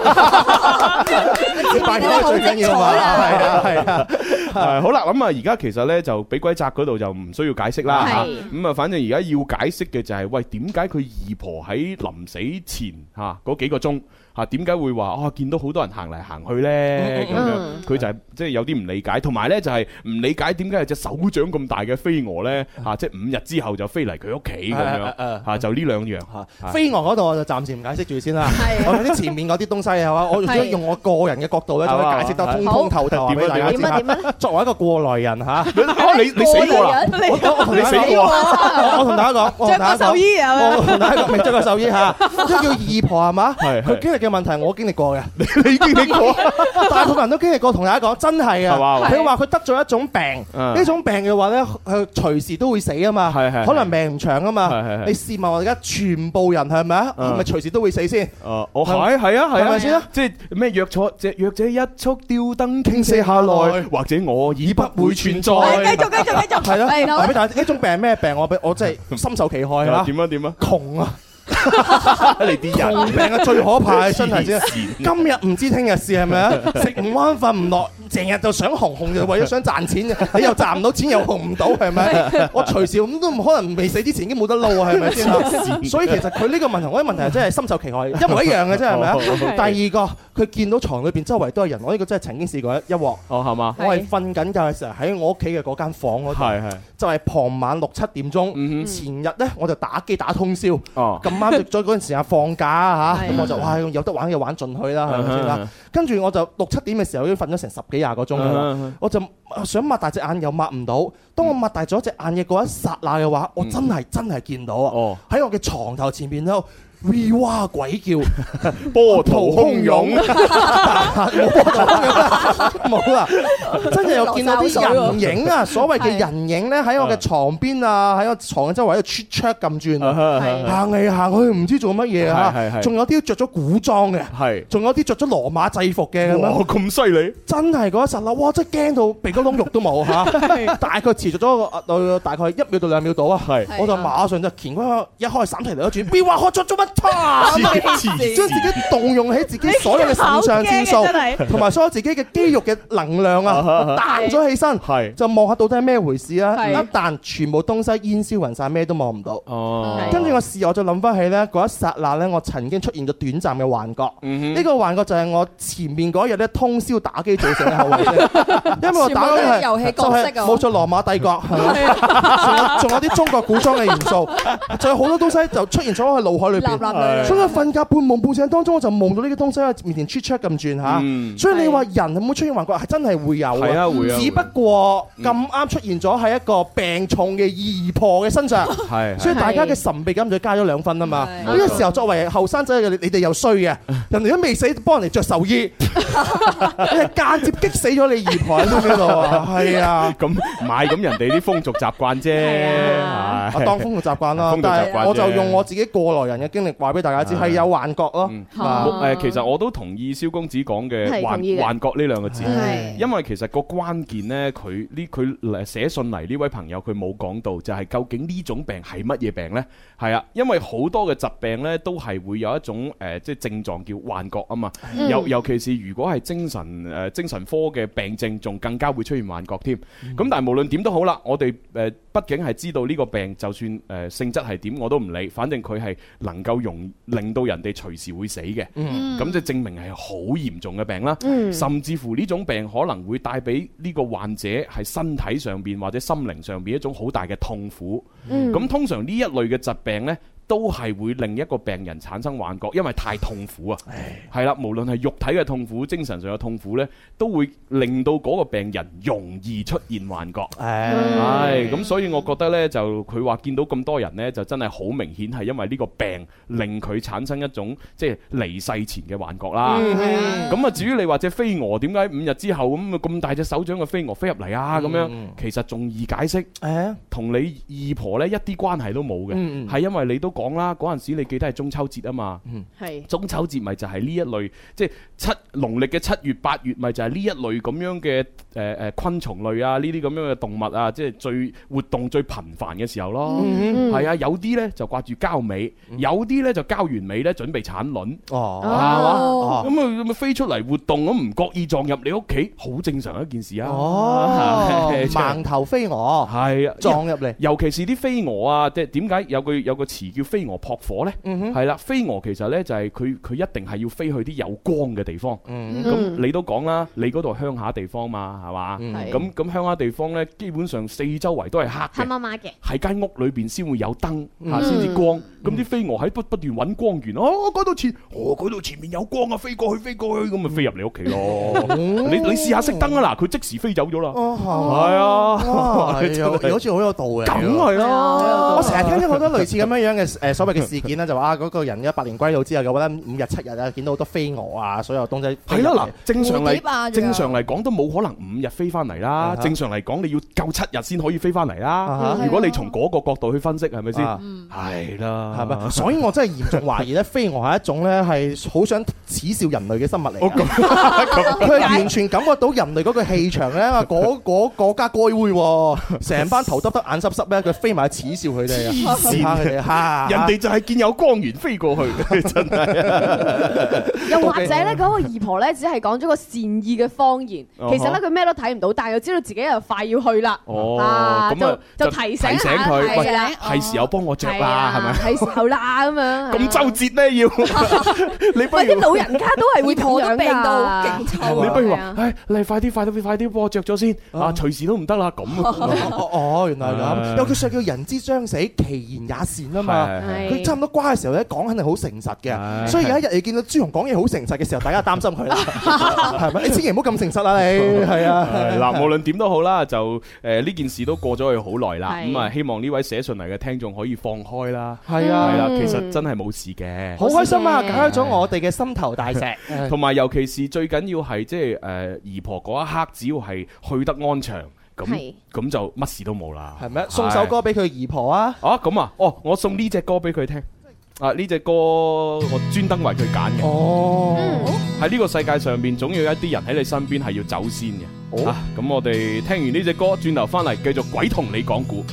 拜官最緊要嘛，係啊係啊。好啦，咁啊，而家其實咧就俾鬼扎嗰度就唔需要解釋啦。咁啊，反正而家要解釋嘅就係喂，點解佢二婆喺臨死前吓幾個鐘？嚇，點解會話啊？見到好多人行嚟行去咧，咁樣佢就係即係有啲唔理解，同埋咧就係唔理解點解係隻手掌咁大嘅飛蛾咧嚇，即係五日之後就飛嚟佢屋企咁樣嚇，就呢兩樣嚇。飛蛾嗰度我就暫時唔解釋住先啦。我啲前面嗰啲東西係嘛，我用我個人嘅角度咧就去解釋得通通透，就話俾大家聽。作為一個過來人嚇，你，你死過，我同你死過。我同大家講，我同大家講著過壽衣嚇，叫二婆係嘛？係佢今日。嘅問題我經歷過嘅，你經歷過，大部分人都經歷過。同大家講，真係啊，佢話佢得咗一種病，呢種病嘅話咧，佢隨時都會死啊嘛，可能命唔長啊嘛。你試問我而家全部人係咪啊？係咪隨時都會死先？哦，係係啊係啊，係咪先啊？即係咩？若錯，若這一束吊燈傾瀉下來，或者我已不會存在。繼續繼續繼續。係啦，但係呢種病咩病？我俾我真係深受其害啦。點啊點啊？窮啊！哈哈哈， 你啲人，病啊 最可怕嘅真係今日唔知聽日事係咪啊？食唔安，瞓唔落。成日就想紅紅，就為咗想賺錢，你又賺唔到錢，又紅唔到，係咪？我隨時咁都可能未死之前已經冇得撈啊，係咪先？所以其實佢呢個問題，我啲問題真係深受其害，一模一樣嘅啫，係咪？第二個，佢見到床裏邊周圍都係人，我呢個真係曾經試過一一鑊。哦，係嘛？我係瞓緊覺嘅時候喺我屋企嘅嗰間房嗰度，就係傍晚六七點鐘。前日呢，我就打機打通宵。咁啱再嗰陣時啊放假嚇，咁我就哇有得玩就玩進去啦，係咪先啦？跟住我就六七點嘅時候已經瞓咗成十幾廿個鐘、uh huh, uh huh. 我就我想擘大隻眼又擘唔到，當我擘大咗隻眼嘅嗰一剎那嘅話，我真係、uh huh. 真係見到啊！喺、oh. 我嘅床頭前面咯。we 哇鬼叫，波濤洶湧，冇啊！真係有見到啲人影啊！所謂嘅人影咧，喺我嘅床邊啊，喺我床嘅周圍喺度出 turn turn 咁轉，行嚟行去唔知做乜嘢啊，仲有啲着咗古裝嘅，係，仲有啲着咗羅馬制服嘅，哇咁犀利！真係嗰一剎那，哇真係驚到鼻哥窿肉都冇嚇，但係持續咗大概一秒到兩秒到啊，係，我就馬上就乾坤一開，閃皮嚟一轉哇出咗乜？將自己動用起自己所有嘅腎上腺素，同埋所有自己嘅肌肉嘅能量啊，彈咗起身，就望下到底係咩回事啦。一彈全部東西煙消雲散，咩都望唔到。跟住我事我就諗翻起咧，嗰一剎那咧，我曾經出現咗短暫嘅幻覺。呢個幻覺就係我前面嗰日咧通宵打機造成嘅後遺症，因為我打嘅係就係冇錯羅馬帝國，仲有啲中國古裝嘅元素，仲有好多東西就出現咗喺腦海裏邊。所以瞓覺半夢半醒當中，我就夢到呢啲東西喺面前 check check 咁轉嚇。所以你話人有冇出現幻覺，係真係會有啊。係啊，會啊。只不過咁啱出現咗喺一個病重嘅二婆嘅身上。所以大家嘅神秘感就加咗兩分啊嘛。呢個時候作為後生仔嘅你哋又衰嘅，人哋都未死，幫人哋着壽衣，係間接激死咗你二婆喺度啊。係啊。咁咪係咁人哋啲風俗習慣啫。係啊。當風俗習慣啦，我就用我自己過來人嘅經歷。話俾大家知係的有幻覺咯，誒、嗯、啊、其實我都同意蕭公子講嘅幻、幻覺呢兩個字，的因為其實個關鍵呢，佢呢，佢嚟，寫信嚟呢位朋友佢冇講到，就係究竟呢種病係乜嘢病呢？係啊，因為好多嘅疾病呢，都係會有一種誒、呃、即係症狀叫幻覺啊嘛。尤、的尤其是如果係精神誒、呃、精神科嘅病症，仲更加會出現幻覺添。咁、嗯、但係無論點都好啦，我哋誒。呃呃畢竟係知道呢個病，就算誒、呃、性質係點我都唔理，反正佢係能夠容令到人哋隨時會死嘅，咁、嗯、就證明係好嚴重嘅病啦。嗯、甚至乎呢種病可能會帶俾呢個患者喺身體上邊或者心靈上邊一種好大嘅痛苦。咁、嗯、通常呢一類嘅疾病呢，都係會令一個病人產生幻覺，因為太痛苦啊！係啦唉，無論係肉體嘅痛苦、精神上嘅痛苦咧，都會令到嗰個病人容易出現幻覺，唉，咁唉唉、嗯，所以我覺得咧，就佢話見到咁多人咧，就真係好明顯，係因為呢個病令佢產生一種即係離世前嘅幻覺啦。咁啊、嗯，至於你話隻飛蛾點解五日之後，咁咁大隻手掌嘅飛蛾飛入嚟啊？咁樣、嗯、其實仲易解釋，誒同你二婆咧一啲關係都冇嘅，係、嗯、因為你都。講啦，嗰陣時你記得係中秋節啊嘛，嗯，係中秋節咪就係呢一類，即係七農曆嘅七月八月，咪就係呢一類咁樣嘅誒誒昆蟲類啊，呢啲咁樣嘅動物啊，即係最活動最頻繁嘅時候咯，係啊、嗯，有啲咧就掛住交尾，有啲咧就交完尾咧準備產卵，哦，係嘛，咁佢咪飛出嚟活動，咁唔覺意撞入你屋企，好正常一件事啊，哦、 嗯，盲頭飛蛾，係啊的，撞入嚟，尤其是啲飛蛾啊，即係點解有句有個詞叫？飛蛾撲火咧，係啦，飛蛾其實咧就係佢佢一定係要飛去啲有光嘅地方。咁你都講啦，你嗰度鄉下地方嘛，係嘛？咁咁鄉下地方咧，基本上四周圍都係黑嘅，喺間屋裏邊先會有燈嚇，先至光。咁啲飛蛾喺不不斷搵光源，我我嗰度前我嗰度前面有光啊，飛過去飛過去咁咪飛入你屋企咯。你你試下熄燈啊，嗱，佢即時飛走咗啦。係啊，好似好似好有道嘅，梗係啦。我成日聽到好多類似咁樣樣嘅。誒所謂嘅事件咧，就話嗰個人一百年歸老之後嘅話咧，五日七日啊，見到好多飛蛾啊，所有東西係啦，嗱，正常嚟正常嚟講都冇可能五日飛翻嚟啦。正常嚟講，你要夠七日先可以飛翻嚟啦。如果你從嗰個角度去分析，係咪先？係啦，係咪？所以我真係嚴重懷疑咧，飛蛾係一種咧係好想恥笑人類嘅生物嚟。佢係完全感覺到人類嗰個氣場咧，嗰嗰國家該會，成班頭耷耷眼濕濕咧，佢飛埋去恥笑佢哋，恥人哋就係見有光源飛過去，真係。又或者咧，嗰個姨婆咧，只係講咗個善意嘅謊言。其實咧，佢咩都睇唔到，但係又知道自己又快要去啦。哦，就就提醒提醒佢，係啦，係時候幫我着啦，係咪？係時候啦，咁樣咁周折咧，要。你不如啲老人家都係會坐病到勁臭你不如話，你快啲，快啲，快啲幫我着咗先啊！隨時都唔得啦，咁。哦，原來咁。有句說叫人之將死，其言也善啊嘛。佢差唔多瓜嘅時候咧，講肯定好誠實嘅，所以而家日日見到朱紅講嘢好誠實嘅時候，大家擔心佢啦，係咪？你千祈唔好咁誠實啊！你係啊，嗱，無論點都好啦，就誒呢件事都過咗去好耐啦，咁啊希望呢位寫信嚟嘅聽眾可以放開啦，係啊，係啦，其實真係冇事嘅，好開心啊，解開咗我哋嘅心頭大石，同埋尤其是最緊要係即係誒姨婆嗰一刻，只要係去得安詳。咁咁就乜事都冇啦，係咩？送首歌俾佢是姨婆啊！啊咁啊，哦，我送呢隻歌俾佢聽，啊呢隻歌我專登為佢揀嘅。哦，喺呢個世界上邊，總有一啲人喺你身邊係要走先嘅。哦、好、啊，咁、嗯、我哋聽完呢隻歌，轉頭翻嚟繼續鬼同你講故」。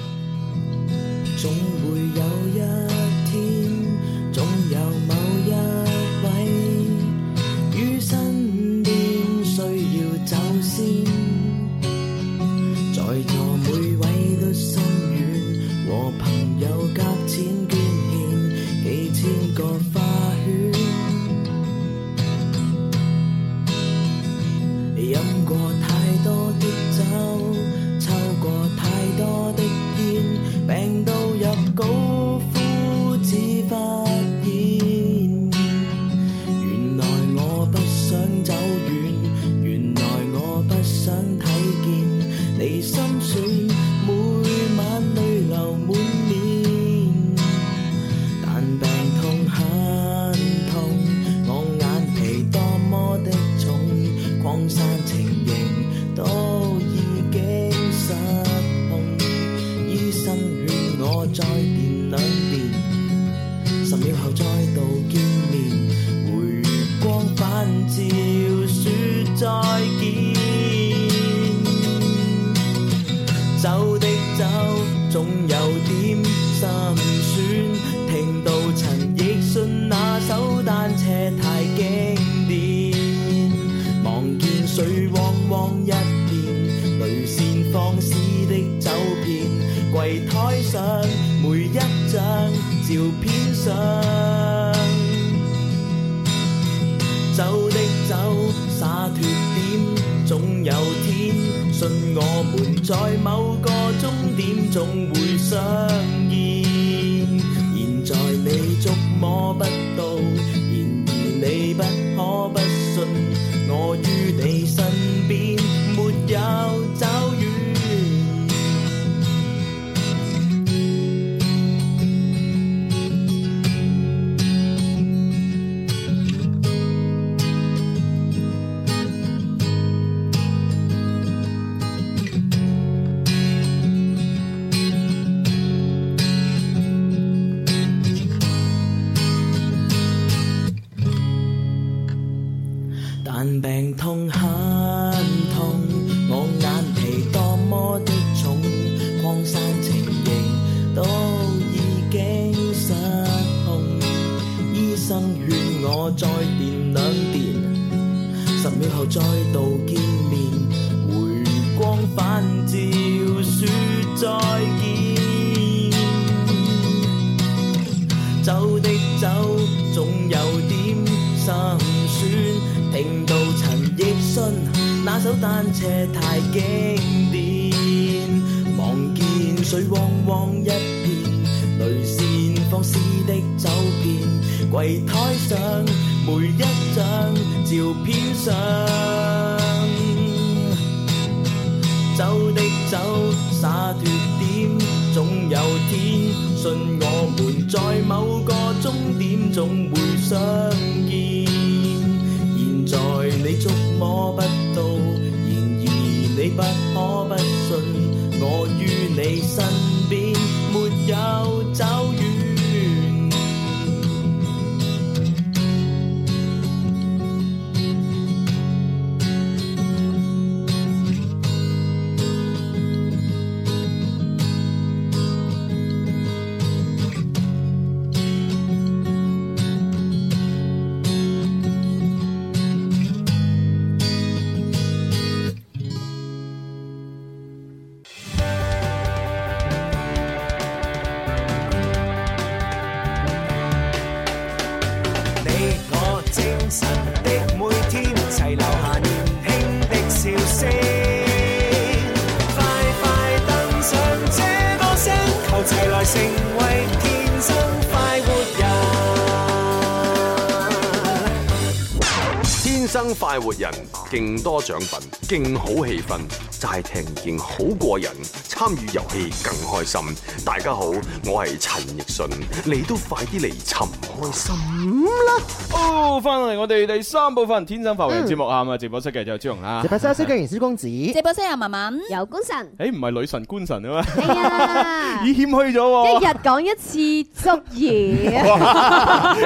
生快活人。勁多獎品，勁好氣氛，齋聽見好過癮，參與遊戲更開心。大家好，我係陳奕迅，你都快啲嚟尋開心啦中文！哦，翻嚟我哋第三部分《天生快活人》節目啊！咁啊，直播室嘅就朱紅啦，直播室啊，薛敬賢、小公子，直播室又文文、有官神，誒、欸，唔係女神官神啊嘛，咦， 謙虛咗，一日講一次足矣，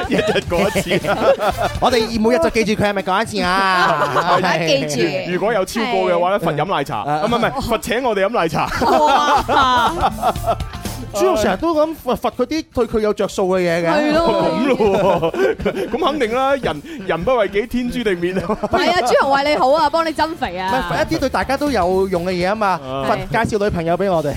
一日講一次，我哋每日就記住佢係咪講一次啊？記住，如果有超過嘅話咧，罰飲奶茶，唔係唔係，罰請我哋飲奶茶。朱紅成日都咁罰罰嗰啲對佢有着數嘅嘢嘅，係咯咁咯，咁肯定啦，人人不為己，天誅地滅啊！係啊，朱紅為你好啊，幫你增肥啊，罰一啲對大家都有用嘅嘢啊嘛，罰介紹女朋友俾我哋，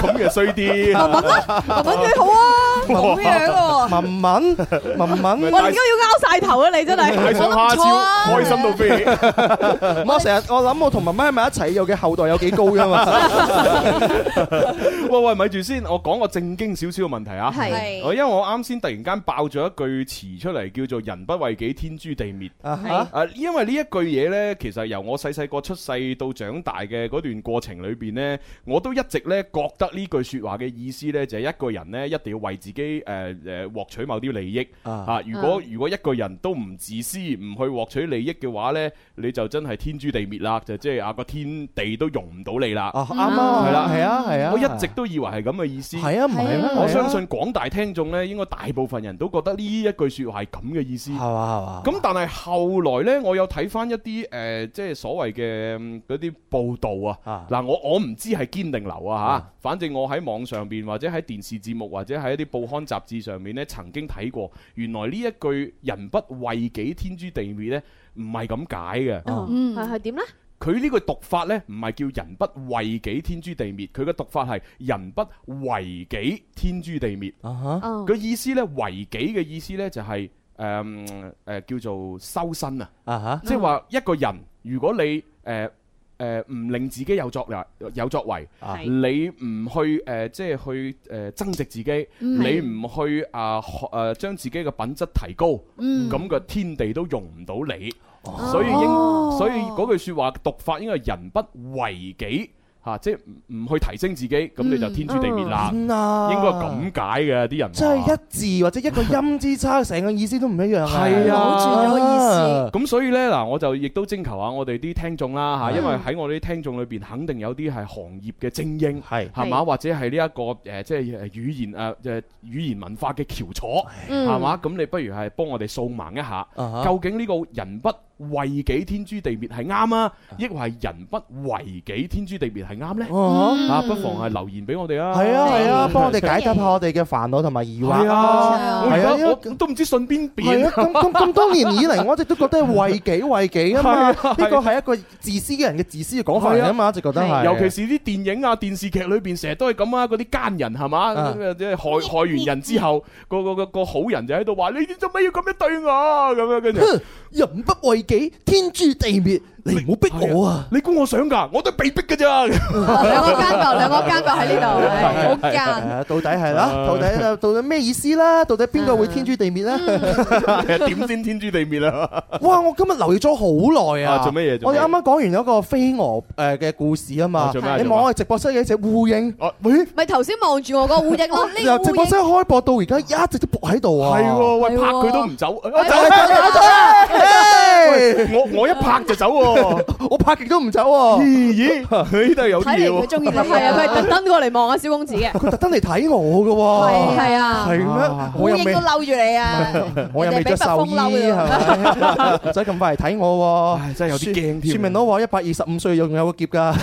咁嘅衰啲，文文啊，文文幾好啊！文、啊、 文文文，我哋而家要拗晒頭啊！你真係，我冇錯、啊、 開心到飛，我成日我諗我同文媽喺埋一齊，有嘅後代有幾高㗎嘛、啊 喂喂，咪住先，我講個正經少少嘅問題啊！係是，因為我啱先突然間爆咗一句詞出嚟，叫做人不為己，天誅地滅。啊，是啊，因為呢一句嘢呢，其實由我細細個出世到長大嘅嗰段過程裏邊呢，我都一直呢覺得呢句説話嘅意思呢，就係一個人呢一定要為自己。誒誒，獲取某啲利益啊！如果如果一個人都唔自私，唔去獲取利益嘅話呢，你就真係天誅地滅啦！就即係啊個天地都容唔到你啦！啊，啱啊，係啦，係啊，係啊！我一直都以為係咁嘅意思，係啊，唔係我相信廣大聽眾咧，應該大部分人都覺得呢一句說話係咁嘅意思，係嘛，係嘛。咁但係後來呢，我有睇翻一啲誒，即係所謂嘅嗰啲報道啊。嗱，我我唔知係堅定流啊吓，反正我喺網上邊或者喺電視節目或者喺一啲報。刊雜誌上面咧，曾經睇過，原來呢一句「人不為己，天誅地滅」呢唔係咁解嘅。哦、uh，係係點咧？佢呢個讀法呢唔係叫「人不為己，天誅地滅」，佢嘅讀法係「人不為己，天誅地滅」uh。啊、huh. 意思呢，為己嘅意思呢就係誒誒叫做修身啊。Uh huh. 即係話一個人，如果你誒。呃誒唔、呃、令自己有作為有作為，的你唔去誒、呃、即係去誒、呃、增值自己，的你唔去啊誒、啊、將自己嘅品質提高，咁嘅、嗯、天地都用唔到你。哦、所以應，所以嗰句説話讀法應該係人不為己。吓，即係唔去提升自己，咁你就天誅地滅啦。應該咁解嘅。啲人，真係一字或者一個音之差，成個意思都唔一樣。係啊，扭轉咗意思。咁所以呢，嗱，我就亦都徵求下我哋啲聽眾啦，吓，因為喺我哋啲聽眾裏邊，肯定有啲係行業嘅精英，係，係嘛，或者係呢一個誒，即係語言誒，語言文化嘅翹楚，係嘛。咁你不如係幫我哋掃盲一下，究竟呢個人不？為己天誅地滅係啱啊，抑或係人不為己天誅地滅係啱呢？啊，不妨係留言俾我哋啊！係啊係啊，幫我哋解答下我哋嘅煩惱同埋疑惑啊！我而家都唔知信邊邊，咁咁咁多年以嚟，我一直都覺得係為己為己啊！呢個係一個自私嘅人嘅自私嘅講法啊嘛！一直覺得係，尤其是啲電影啊、電視劇裏邊成日都係咁啊！嗰啲奸人係嘛，即係害害完人之後，個個個好人就喺度話：你你做咩要咁樣對我？咁樣跟住人不為。天誅地滅。你唔好逼我啊！你估我想噶？我都係被逼嘅啫。兩個奸角，兩個奸角喺呢度，好奸。到底係啦？到底到底咩意思咧？到底邊個會天誅地滅咧？點先天誅地滅啊？哇！我今日留意咗好耐啊！做咩嘢？我哋啱啱講完有一個飛蛾誒嘅故事啊嘛。做咩？你望我直播室有一隻烏蠅。喂，咪頭先望住我個烏蠅咯。我呢直播室開播到而家，一直都伏喺度啊。係，喂拍佢都唔走。我走啦，我走啦。我我一拍就走。我拍極都唔走喎！咦咦，呢度有料。睇嚟佢中意，係啊！佢特登過嚟望啊，小公子嘅。佢特登嚟睇我嘅喎。係係啊。係咩？我應該嬲住你啊！我又未着壽衣，係咪？唔使咁快嚟睇我，真係有啲驚添。説明我話一百二十五歲仲有個劫㗎。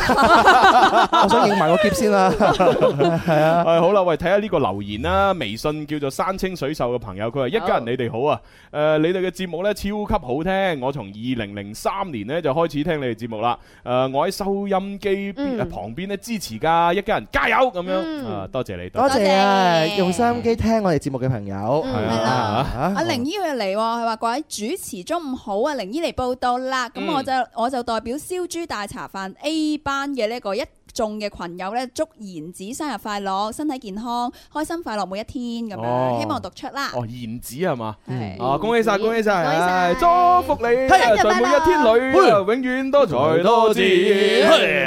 我想應埋個劫先啦。係啊。係好啦，喂，睇下呢個留言啦。微信叫做山清水秀嘅朋友，佢話：一家人，你哋好啊。誒，你哋嘅節目咧超級好聽。我從二零零三年咧就開始聽你哋節目啦，誒、呃，我喺收音機邊、嗯、旁邊咧支持㗎，一家人加油咁樣，嗯、啊，多謝你，多謝啊，用收音機聽我哋節目嘅朋友，係啦，阿玲姨佢嚟喎，佢話各位主持中午好啊，玲姨嚟報道啦，咁我就、嗯、我就代表燒豬大茶飯 A 班嘅呢個一眾嘅群友咧，祝賢子生日快樂，身體健康，開心快樂每一天咁樣，希望讀出啦。哦，賢子係嘛？係。哦，恭喜晒，恭喜晒！祝福你在每一天裏，永遠多財多子，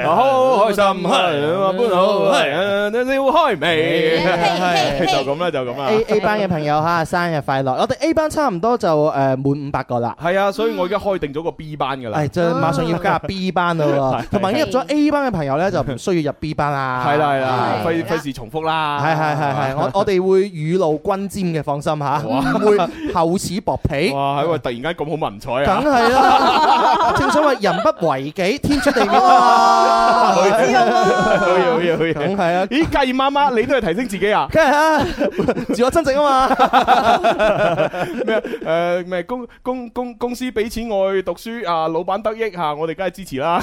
好開心，歡喜，笑開眉，就咁啦，就咁啦。A 班嘅朋友嚇生日快樂！我哋 A 班差唔多就誒滿五百個啦。係啊，所以我而家開定咗個 B 班噶啦。係，即係馬上要加入 B 班啦。同埋一入咗 A 班嘅朋友咧就。需要入 B 班啊！係啦係啦，費費事重複啦。係係係係，我我哋會雨露均沾嘅，放心嚇，唔會厚此薄彼。哇！喺度突然間咁好文采啊！梗係啦，正所謂人不為己，天誅地滅啊！好嘢好嘢好嘢，梗係啊！咦，家燕媽媽，你都係提升自己啊？梗係啊，自我增值啊嘛。咩啊？誒，咪公公公公司俾錢我去讀書啊！老闆得益嚇，我哋梗係支持啦。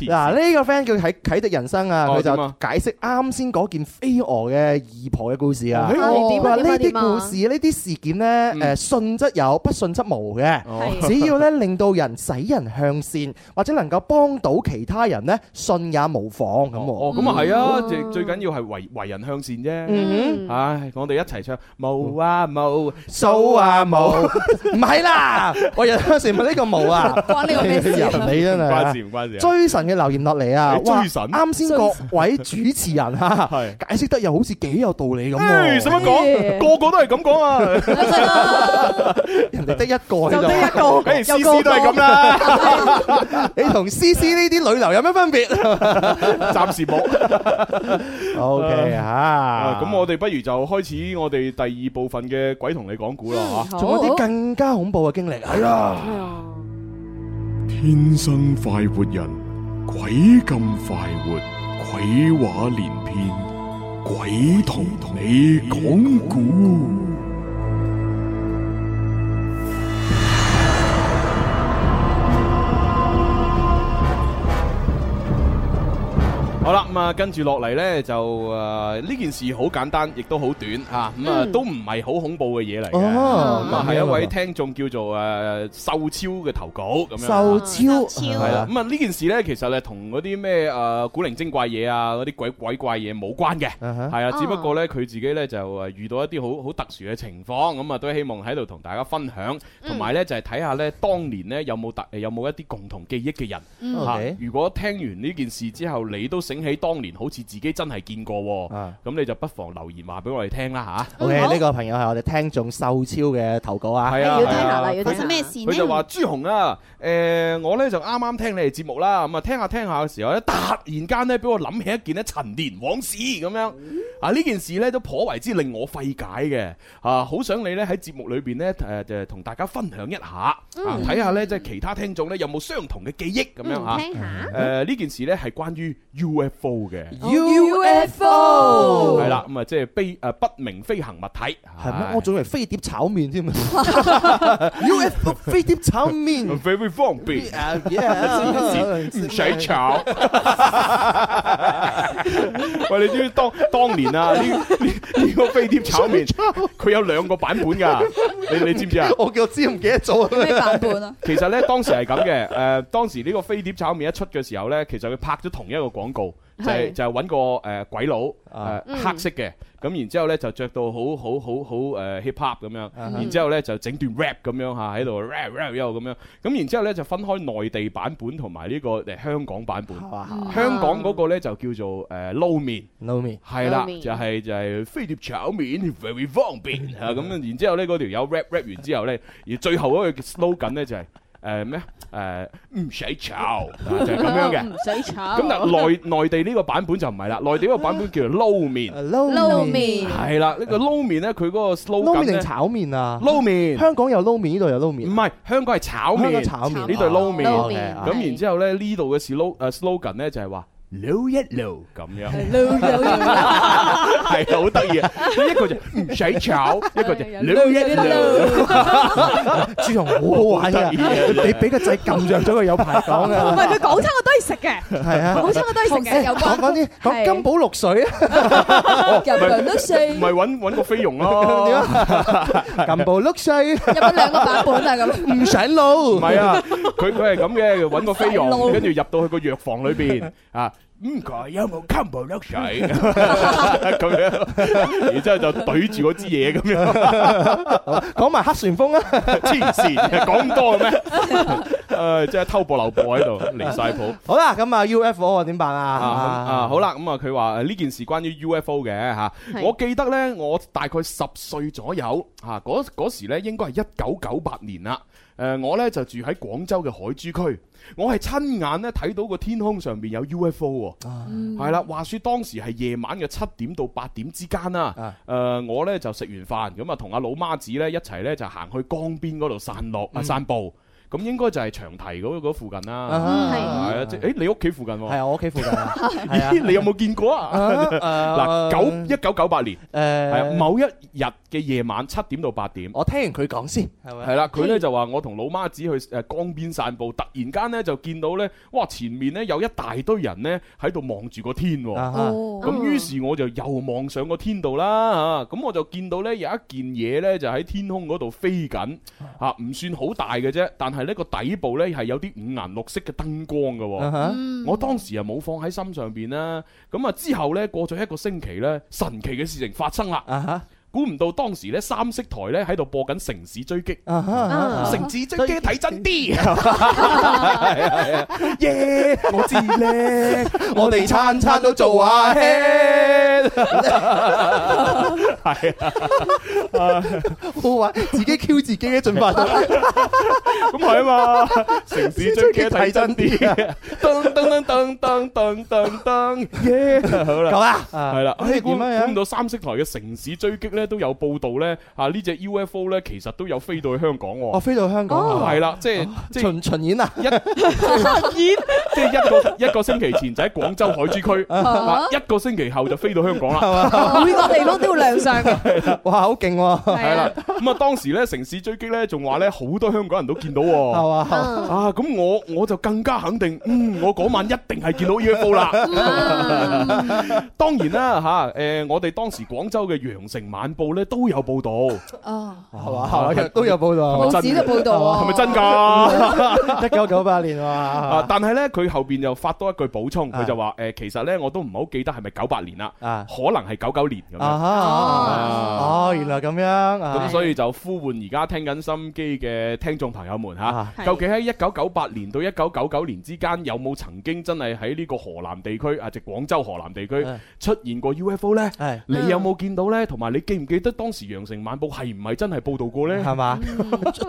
嗱呢？呢個 friend 叫啟啟迪人生啊，佢就解釋啱先嗰件飛蛾嘅二婆嘅故事啊。呢啲故事、呢啲事件咧，誒信則有，不信則無嘅。只要咧令到人使人向善，或者能夠幫到其他人咧，信也無妨。咁我，咁啊係啊，最最緊要係為為人向善啫。唉，我哋一齊唱冇啊冇，數啊冇，唔係啦，我人向善唔係呢個冇啊，關呢個咩事？你真係關事唔關事？追神嘅留言落嚟。你啊！哇，啱先各位主持人吓，解釋得又好似幾有道理咁。使乜講？個個都係咁講啊！人哋得一個，就得一個，反而 CC 都係咁啦。你同 CC 呢啲女流有咩分別？暫時冇。OK 吓！咁我哋不如就開始我哋第二部分嘅鬼同你講古咯吓。仲有啲更加恐怖嘅經歷。係啊！天生快活人。鬼咁快活，鬼話連篇，鬼同你講古。好啦，咁啊，跟住落嚟咧就誒呢件事好簡單，亦都好短啊，咁啊都唔係好恐怖嘅嘢嚟嘅，咁啊係一位聽眾叫做誒秀超嘅投稿咁樣。秀超係啦，咁啊呢件事咧其實咧同啲咩誒古靈精怪嘢啊、，啲鬼鬼怪嘢冇關嘅，係啊，只不過咧佢自己咧就誒遇到一啲好好特殊嘅情況，咁啊都希望喺度同大家分享，同埋咧就係睇下咧當年咧有冇特，有冇一啲共同記憶嘅人吓。如果聽完呢件事之後，你都醒。起當年好似自己真係見過，咁、啊、你就不妨留言話俾我哋聽啦吓。啊、OK，呢、嗯、個朋友係我哋聽眾秀超嘅投稿啊。係啊，要聽下啦，要聽下。發生咩事佢就話朱紅啊，誒，我呢就啱啱聽你哋節目啦，咁、嗯、啊聽下聽下嘅時候呢，突然間呢俾我諗起一件呢陳年往事咁樣、嗯、啊，呢件事呢都頗爲之令我費解嘅啊，好想你呢喺節目裏邊呢，誒、呃、就、呃、同大家分享一下，睇、啊、下呢即係其他聽眾呢有冇相同嘅記憶咁樣啊。嗯、聽下。誒、嗯，呢、嗯啊、件事呢係關於 U UFO 嘅、oh, UFO 係 啦，咁啊即係飛誒不明飛行物體係咩？ 我仲以為飛碟炒麵添 UFO 飛碟炒麵 very 方便，咩啊？唔使炒？喂，你知唔知當當年啊呢呢、這個這個飛碟炒麵佢有兩個版本噶？你你知唔知啊？我叫我知唔記得咗做咩版本啊？ 其實咧當時係咁嘅，誒、呃、當時呢個飛碟炒麵一出嘅時候咧，其實佢拍咗同一個廣告。就係就係揾個誒鬼佬誒黑色嘅，咁然之後咧就着到好好好好誒 hip hop 咁樣，然之後咧就整段 rap 咁樣嚇喺度 rap rap 一路咁樣，咁然之後咧就分開內地版本同埋呢個誒香港版本。香港嗰個咧就叫做誒撈麵，撈麵係啦，就係就係飛碟炒麵 very 方便嚇咁然之後咧嗰條友 rap rap 完之後咧，而最後嗰個 slogan 咧就係。誒咩？誒唔使炒，就係咁樣嘅。唔使炒。咁但係內內地呢個版本就唔係啦，內 地個版本， 個版本叫做撈麵。撈、uh, 麵係啦，這個、呢個撈麵咧，佢嗰個 slogan 咧，撈麵定炒麵啊，撈麵。香港有撈麵，呢度有撈麵。唔係，香港係炒麵。炒麵呢度撈麵。咁然之後咧，呢度嘅 slogan 咧就係話。low 一 low 咁樣，係 low 一 low，係好得意啊！一個就唔使炒，一個就 low 一 low。朱融好好玩嘅，你俾個仔撳着咗佢有排講嘅。唔係佢講親我都係食嘅，係啊，講親我都係食嘅。有講翻啲，咁金寶綠水啊，入龍都水，唔係搵搵個菲傭咯。點啊？金寶綠水入咗兩個版本啊，咁唔上路。唔係啊，佢佢係咁嘅，搵個菲傭，跟住入到去個藥房裏邊啊。唔佢、嗯、有冇 come up 水咁樣？然之後就懟住嗰支嘢咁樣 ，講埋黑旋風啊！黐線，講咁多嘅咩？誒，即係偷步留步喺度，離晒譜。好啦，咁啊 UFO 點辦啊，啊、嗯？啊，好啦，咁啊佢話呢件事關於 UFO 嘅吓，啊、的我記得咧，我大概十歲左右吓，嗰、啊、嗰時咧應該係一九九八年啦。誒、呃、我咧就住喺廣州嘅海珠區，我係親眼咧睇到個天空上邊有 UFO 喎、啊，啦、嗯，話説當時係夜晚嘅七點到八點之間啦、啊，誒、嗯呃、我咧就食完飯咁啊，同阿老媽子咧一齊咧就行去江邊嗰度散落啊散步。嗯咁應該就係長堤嗰嗰附近啦，係啊！誒，你屋企附近喎？係啊，係我屋企附近啊！咦，你有冇見過啊？嗱，九一九九八年誒，係啊，某一日嘅夜晚七點到八點，我聽完佢講先，係咪？係啦，佢咧就話我同老媽子去誒江邊散步，突然間咧就見到咧，哇！前面咧有一大堆人咧喺度望住個天喎，咁於是我就又望上個天度啦嚇，咁我就見到咧有一件嘢咧就喺天空嗰度飛緊，嚇唔算好大嘅啫，但係。係呢個底部呢係有啲五顏六色嘅燈光嘅。Uh huh. 我當時啊冇放喺心上邊啦。咁啊之後呢，過咗一個星期呢，神奇嘅事情發生啦。Uh huh. 估唔到當時咧，三色台咧喺度播緊《城市追擊》，《城市追擊》睇真啲，係啊！耶！我知咧，我哋餐餐都做阿兄，啊！好啊！自己 Q 自己嘅進化，咁係啊嘛！《城市追擊》睇真啲，噔噔噔噔噔噔噔，耶！好啦，係啦，估唔到三色台嘅《城市追擊》咧。咧都有報道咧，啊，呢隻 UFO 咧其實都有飛到去香港喎，飛到香港係啦。即係即係巡巡演啊，一巡演，即係一個一個星期前就喺廣州海珠區，一個星期後就飛到香港啦，每個地方都要亮相嘅。哇，好勁喎，係啦。咁啊，當時咧城市追擊咧，仲話咧好多香港人都見到喎。係嘛啊？咁我我就更加肯定，嗯，我嗰晚一定係見到 UFO 啦。當然啦，嚇誒，我哋當時廣州嘅《羊城晚報》咧都有報導。哦，係嘛，都有報導。報紙嘅報導係咪真㗎？一九九八年喎。啊！但係咧，佢後邊又發多一句補充，佢就話誒，其實咧我都唔係好記得係咪九八年啦，可能係九九年咁樣。哦，原來咁樣。咁所以。就呼喚而家聽緊心機嘅聽眾朋友們嚇，究竟喺一九九八年到一九九九年之間有冇曾經真係喺呢個河南地區啊，即廣州河南地區出現過 UFO 咧？係你有冇見到咧？同埋你記唔記得當時《羊城晚報》係唔係真係報導過咧？係嘛？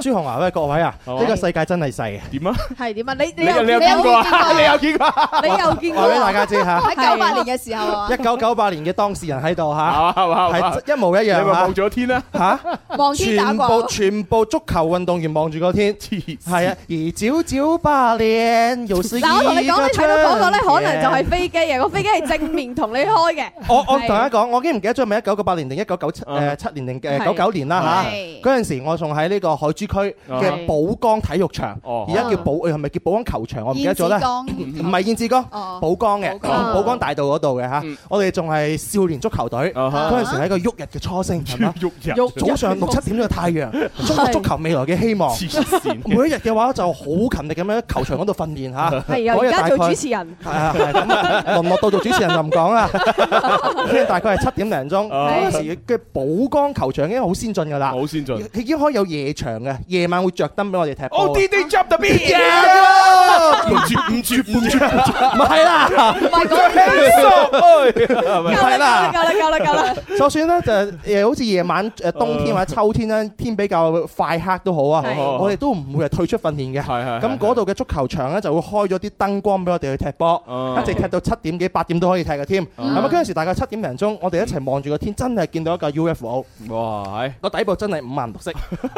朱紅華喂各位啊，呢個世界真係細嘅點啊？係點啊？你你你有見過啊？你有見過？你有見過？話俾大家知嚇，喺九八年嘅時候啊，一九九八年嘅當事人喺度嚇係嘛係嘛，一模一樣嚇。你話望咗天啦嚇望。全部全部足球運動員望住個天，係啊！而九九八年，那我同你講你睇到嗰個咧，可能就係飛機嘅，個飛機係正面同你開嘅。我我同大家講，我已經唔記得咗係咪一九九八年定一九九七誒七年定九九年啦嚇。嗰陣時我仲喺呢個海珠區嘅寶崗體育場，而家叫寶誒係咪叫寶崗球場我唔記得咗啦。唔係燕子崗寶崗嘅寶崗大道嗰度嘅嚇。我哋仲係少年足球隊，嗰陣時係個旭日嘅初升，係咪啊？早上六七。閃咗個太陽，中國足球未來嘅希望。每一日嘅話就好勤力咁樣喺球場嗰度訓練吓。係啊，而家做主持人。係啊，啊，咁淪落到做主持人就唔講啊。咁啊，大概係七點零鐘。嗰時嘅寶光球場已經好先進噶啦，好先進。已經可以有夜場嘅，夜晚會着燈俾我哋踢波。Oh, DJ Jump to the Beat！五注五注五注，唔係啦，唔係咁嘅意思。係啦，夠啦，夠啦，夠啦。就算咧，就誒，好似夜晚誒，冬天或者秋天咧，天比較快黑都好啊，我哋都唔會係退出訓練嘅。咁嗰度嘅足球場咧，就會開咗啲燈光俾我哋去踢波，一直踢到七點幾八點都可以踢嘅添。咁嗰陣時大概七點零鐘，我哋一齊望住個天，真係見到一架 UFO。哇！個底部真係五顏六色。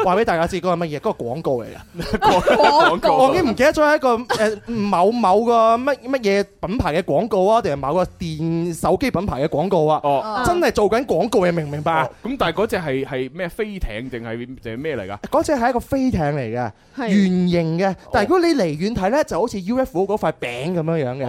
話俾大家知，嗰個係乜嘢？嗰個廣告嚟嘅，廣告。我已經唔記得咗係一個誒某某個乜乜嘢品牌嘅廣告啊，定係某個電手機品牌嘅廣告啊？真係做緊廣告你明唔明白啊？咁但係嗰隻係係咩艇定係咩嚟噶？嗰隻係一個飛艇嚟嘅，圓形嘅。但係如果你離遠睇呢，就好似 UFO 嗰塊餅咁樣樣嘅。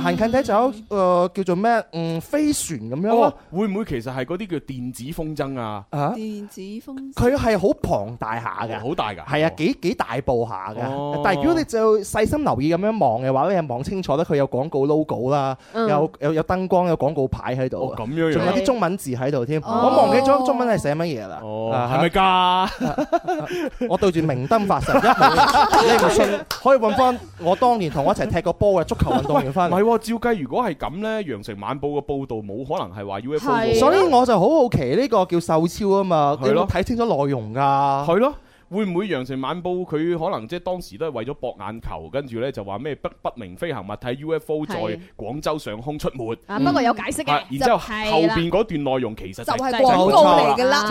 行近睇就好，叫做咩嗯飛船咁樣咯。會唔會其實係嗰啲叫電子風箏啊？嚇！電子風箏。佢係好龐大下嘅，好大㗎。係啊，幾幾大部下嘅。但係如果你就細心留意咁樣望嘅話，你望清楚咧，佢有廣告 logo 啦，有有有燈光，有廣告牌喺度，仲有啲中文字喺度添。我忘記咗中文字係寫乜嘢啦。係咪噶？Uh huh. 是是我對住明燈發誓， 你唔信可以揾翻我當年同我一齊踢過波嘅足球運動員翻。係 照計如果係咁咧，《羊城晚報》嘅報道冇可能係話 UFO。所以我就好好奇呢個叫秀超啊嘛，的你睇清楚內容噶？係咯。會唔會《羊城晚報》佢可能即係當時都係為咗博眼球，跟住咧就話咩不不明飛行物體 UFO 在廣州上空出沒，不過有解釋嘅。然之後後邊嗰段內容其實就係廣告嚟㗎啦。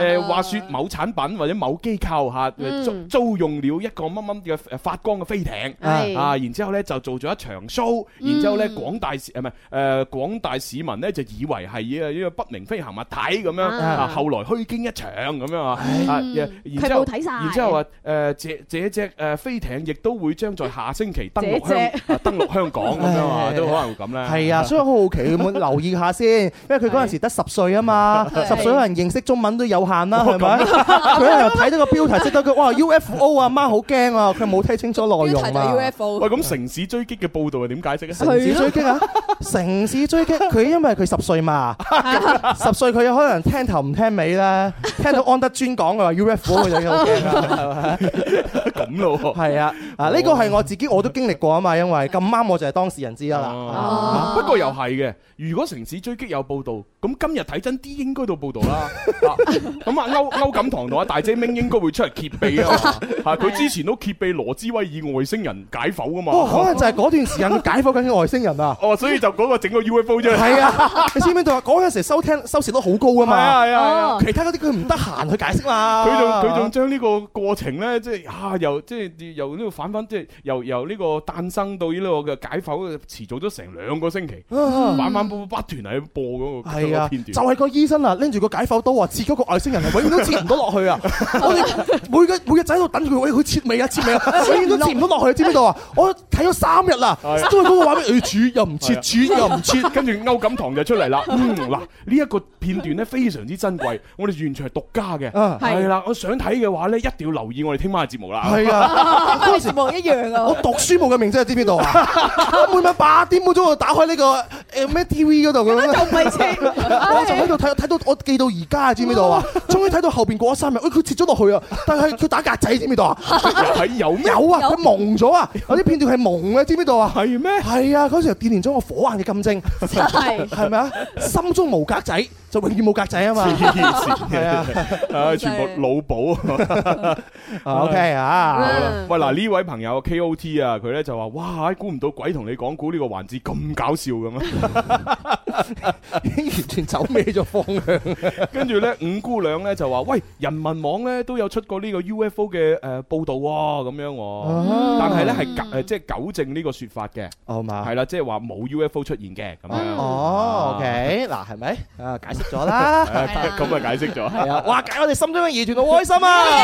誒話説某產品或者某機構嚇租用了一個乜乜嘅誒發光嘅飛艇，啊然之後咧就做咗一場 show，然之後咧廣大市啊唔係誒廣大市民呢就以為係啊一個不明飛行物體咁樣，後來虛驚一場咁樣啊，然之後然之後話誒這這隻誒飛艇亦都會將在下星期登陸登陸香港咁樣嘛，都可能會咁咧。係啊，所以好好奇，會唔會留意下先，因為佢嗰陣時得十歲啊嘛，十歲可能認識中文都有限啦，係咪？佢又睇到個標題，識得佢哇 UFO 啊媽好驚啊！佢冇聽清楚內容啊 UFO。喂，咁城市追擊嘅報導係點解釋？城市追擊啊！城市追擊，佢因為佢十歲嘛，十歲佢有可能聽頭唔聽尾啦，聽到安德尊講嘅話 UFO 咁咯，係啊 了，啊呢個係我自己我都經歷過啊嘛，因為咁啱我就係當事人之一啦。啊、 不過又係嘅，如果城市追擊有報道，咁今日睇真啲應該到報道啦。咁 啊，歐歐錦棠同阿大姐明應該會出嚟揭秘 啊。吓，佢之前都揭秘羅茲威爾外星人解剖噶嘛、哦。可能就係嗰段時間解剖緊啲外星人啊。 哦，所以就嗰個整個 UFO 啫。係啊，你知唔知道啊？嗰陣時收聽收視率好高噶嘛。係啊係啊。其他嗰啲佢唔得閒去解釋啦。佢仲佢仲將。呢個過程咧，即係啊，又即係又呢個反反，即係又由呢個誕生到呢個嘅解剖，持續咗成兩個星期，反反不斷係播嗰個片段，就係個醫生啊拎住個解剖刀啊，切嗰個外星人嚟，永遠都切唔到落去啊！我哋每個每個仔喺度等佢，喂佢切尾啊，切尾啊，永遠都切唔到落去，知唔知道啊？我睇咗三日啦，都係嗰個話俾佢？主又唔切，轉又唔切，跟住歐錦棠就出嚟啦。嗱，呢一個片段咧非常之珍貴，我哋完全係獨家嘅，係啦。我想睇嘅話。一定要留意我哋聽晚嘅節目啦。係啊，嗰個節目一樣啊。我讀書冇嘅名字，知邊度啊？我每晚八點半鐘就打開呢個 MTV 嗰度咁。唔，我就喺度睇，睇到我記到而家，知唔知道啊？終於睇到後邊過咗三日，喂，佢切咗落去啊！但係佢打格仔，知唔知道啊？有有啊，佢蒙咗啊！有啲片段係蒙嘅，知唔知道啊？係咩？係啊！嗰時鍛鍊咗我火眼嘅金睛，係咪啊？心中冇格仔就永遠冇格仔啊嘛！係啊，全部老寶。O K 啊，喂，嗱呢位朋友 K O T 啊，佢咧就話，哇，估唔到鬼同你講古呢個環節咁搞笑咁啊，已經完全走歪咗方向。跟住咧五姑娘咧就話喂，人民網咧都有出過呢個 U F O 嘅誒報道喎，咁樣，但係咧係誒即係糾正呢個說法嘅，係啦，即係話冇 U F O 出現嘅咁樣。哦，OK 嗱，係咪啊？解釋咗啦，咁啊解釋咗，哇解我哋心中嘅疑團，好開心啊！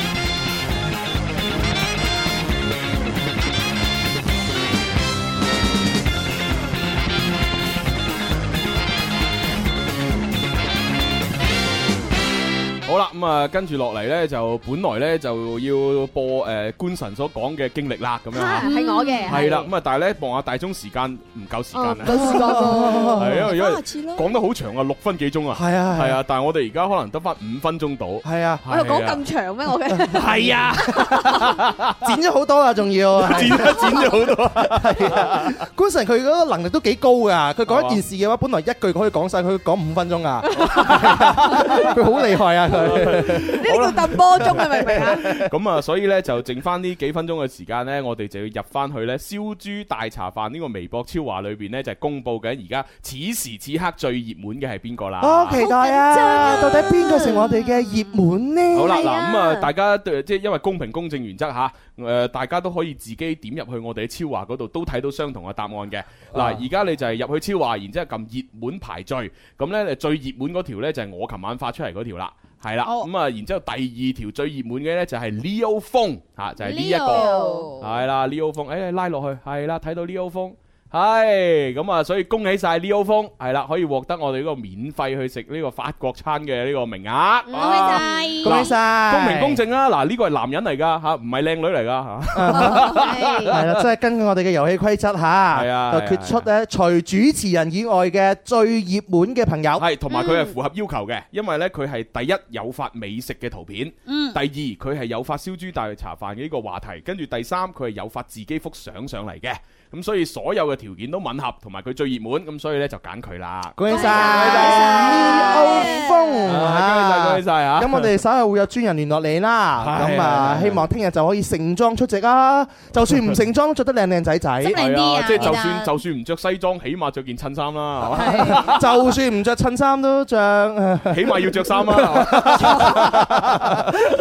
好啦，咁啊，跟住落嚟咧，就本來咧就要播誒官神所講嘅經歷啦，咁樣係我嘅係啦，咁啊，但係咧望下大鐘，時間唔夠時間啊，冇時間，係因為因為講得好長啊，六分幾鐘啊，係啊係啊，但係我哋而家可能得返五分鐘到，係啊，喺度講咁長咩我嘅係啊，剪咗好多啊，仲要剪咗好多，官神佢嗰個能力都幾高㗎，佢講一件事嘅話，本來一句可以講晒，佢講五分鐘啊，佢好厲害啊！呢度揼波鐘，你明唔明啊？咁啊，所以咧就剩翻呢幾分鐘嘅時間咧，我哋就要入翻去咧燒豬大茶飯呢、這個微博超話裏邊咧，就係、是、公布緊而家此時此刻最熱門嘅係邊個啦？好、哦、期待啊！即、啊、到底邊個成我哋嘅熱門呢？好啦，嗱咁啊、嗯，大家即係因為公平公正原則吓，誒、啊，大家都可以自己點入去我哋超話嗰度都睇到相同嘅答案嘅。嗱、啊，而家哇你就係入去超話，然之後撳熱門排序，咁咧最熱門嗰條咧就係我琴晚發出嚟嗰條啦。係啦，咁啊、oh. 嗯，然之後第二條最熱門嘅呢就係 Leo 峰嚇，就係呢一個，係啦，Leo 峰，誒、哎、拉落去，係啦，睇到 Leo 峰。係咁啊！所以恭喜晒 Leo 峰，係啦，可以獲得我哋呢個免費去食呢個法國餐嘅呢個名額。恭喜晒，恭喜晒，公平公正啊！嗱，呢個係男人嚟噶吓，唔係靚女嚟噶吓。係啦，即係根據我哋嘅遊戲規則吓。係啊，就決出咧，除主持人以外嘅最熱門嘅朋友。係，同埋佢係符合要求嘅，因為咧佢係第一有發美食嘅圖片，嗯，第二佢係有發燒豬大茶飯嘅呢個話題，跟住第三佢係有發自己幅相上嚟嘅。咁所以所有嘅條件都吻合，同埋佢最熱門，咁所以咧就揀佢啦。恭喜曬，恭喜曬，恭喜晒！恭喜曬！咁我哋稍後會有專人聯絡你啦。咁啊，希望聽日就可以盛裝出席啊！就算唔盛裝，都著得靚靚仔仔。即係就算就算唔着西裝，起碼着件襯衫啦，就算唔着襯衫都着，起碼要着衫啦。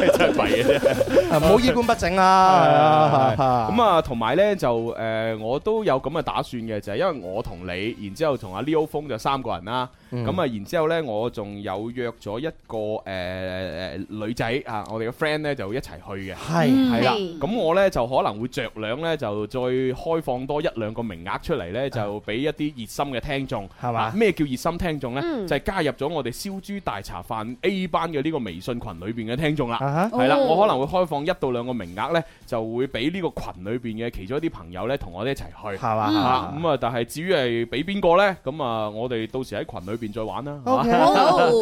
你真係廢嘅啫！唔好衣冠不整啊！咁啊，同埋咧就誒我。都有咁嘅打算嘅，就係因為我同你，然之後同阿 Leo 峰就三個人啦。咁啊，然之後咧，我仲有約咗一個誒誒女仔啊，我哋嘅 friend 咧就一齊去嘅。係係啦，咁我咧就可能會着量咧，就再開放多一兩個名額出嚟咧，就俾一啲熱心嘅聽眾，係嘛？咩叫熱心聽眾咧？就係加入咗我哋燒豬大茶飯 A 班嘅呢個微信群裏邊嘅聽眾啦。係啦，我可能會開放一到兩個名額咧，就會俾呢個群裏邊嘅其中一啲朋友咧，同我哋一齊去係嘛？啊咁啊，但係至於係俾邊個咧？咁啊，我哋到時喺群裏。邊再玩啦？好，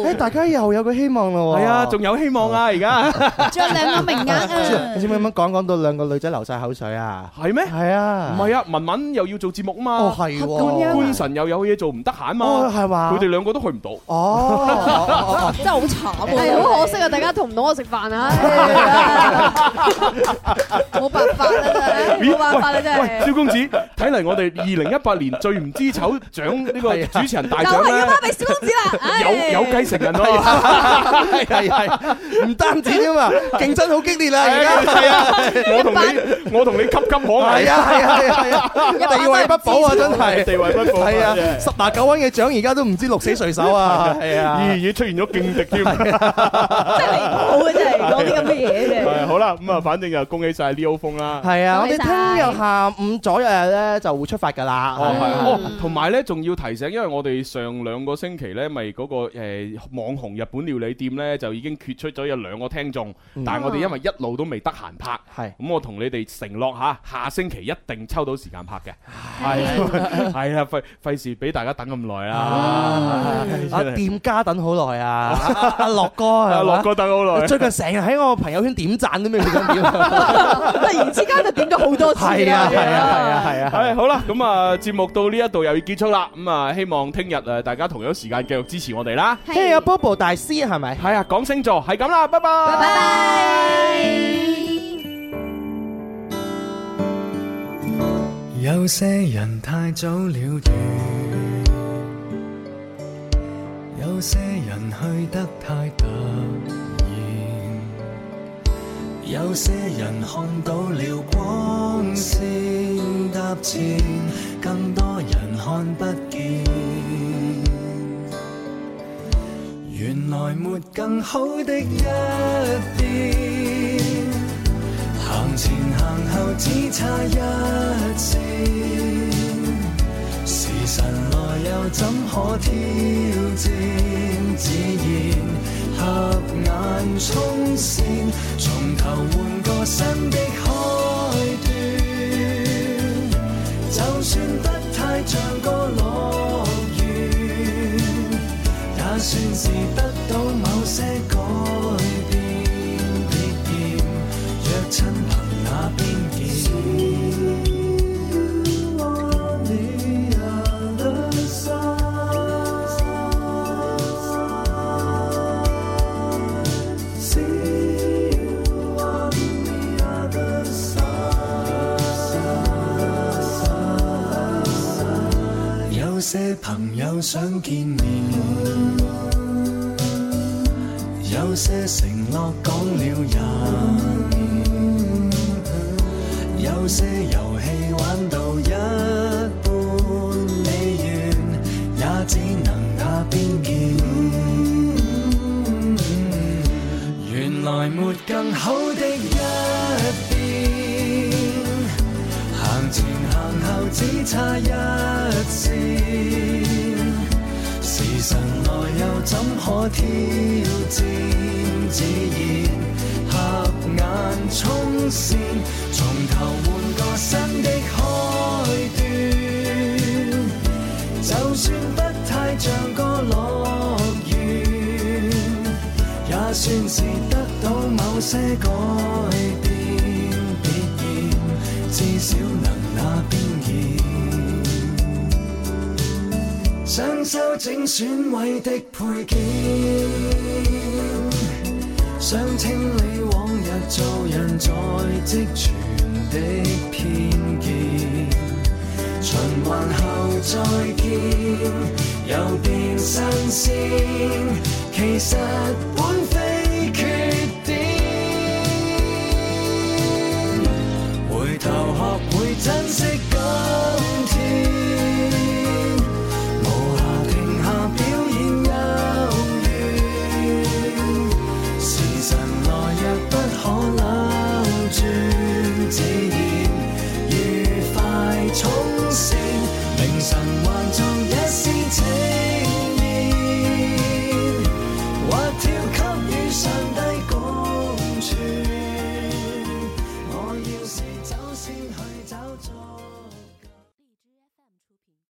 誒大家又有個希望啦喎！係啊，仲有希望啊！而家仲有兩個名額啊！你知唔知咁樣講講到兩個女仔流晒口水啊？係咩？係啊！唔係啊，文文又要做節目啊嘛！哦係，官神又有嘢做，唔得閒嘛，係嘛？佢哋兩個都去唔到哦，真係好慘啊！好可惜啊！大家同唔到我食飯啊！冇辦法啦，冇辦法啦，真係！喂，蕭公子，睇嚟我哋二零一八年最唔知醜獎呢個主持人大獎咧。小公子啦，有有繼承人咯，係係係，唔單止啊嘛，競爭好激烈啊！而家係啊，我同你我同你吸金狂係啊係啊係啊，地位不保啊！真係地位不保係啊，十拿九穩嘅獎而家都唔知鹿死誰手啊！係啊，而已出現咗勁敵添，真係好啊！真係講啲咁嘅嘢啫。係好啦，咁啊，反正就恭喜曬 Leo 風啦。係啊，我哋聽日下午左右咧就會出發㗎啦。哦係哦，同埋咧仲要提醒，因為我哋上兩個。星期咧，咪嗰個誒網紅日本料理店咧，就已經決出咗有兩個聽眾，但係我哋因為一路都未得閒拍，係咁我同你哋承諾吓，下星期一定抽到時間拍嘅，係係啊，費費事俾大家等咁耐啦，阿店家等好耐啊，阿樂哥阿樂哥等好耐，最近成日喺我朋友圈點贊都咩嘅，突然之間就點咗好多次，係啊係啊係啊係啊，係好啦，咁啊節目到呢一度又要結束啦，咁啊希望聽日啊大家同樣。有時間繼續支持我哋啦，嘿，阿 Bobo 大師係咪？係啊，講星座係咁啦，拜拜。拜拜。有些人太早了斷，有些人去得太突然，有些人看到了光線踏前，更多人看不見。原來沒更好的一邊，行前行後只差一線。時辰來又怎可挑戰？自然合眼衝線，從頭換個新的開端，就算不太像個個。算是得到某些。損毀的配件，想清理往日做人在積存的偏見，循環後再見，又變新鮮。其實。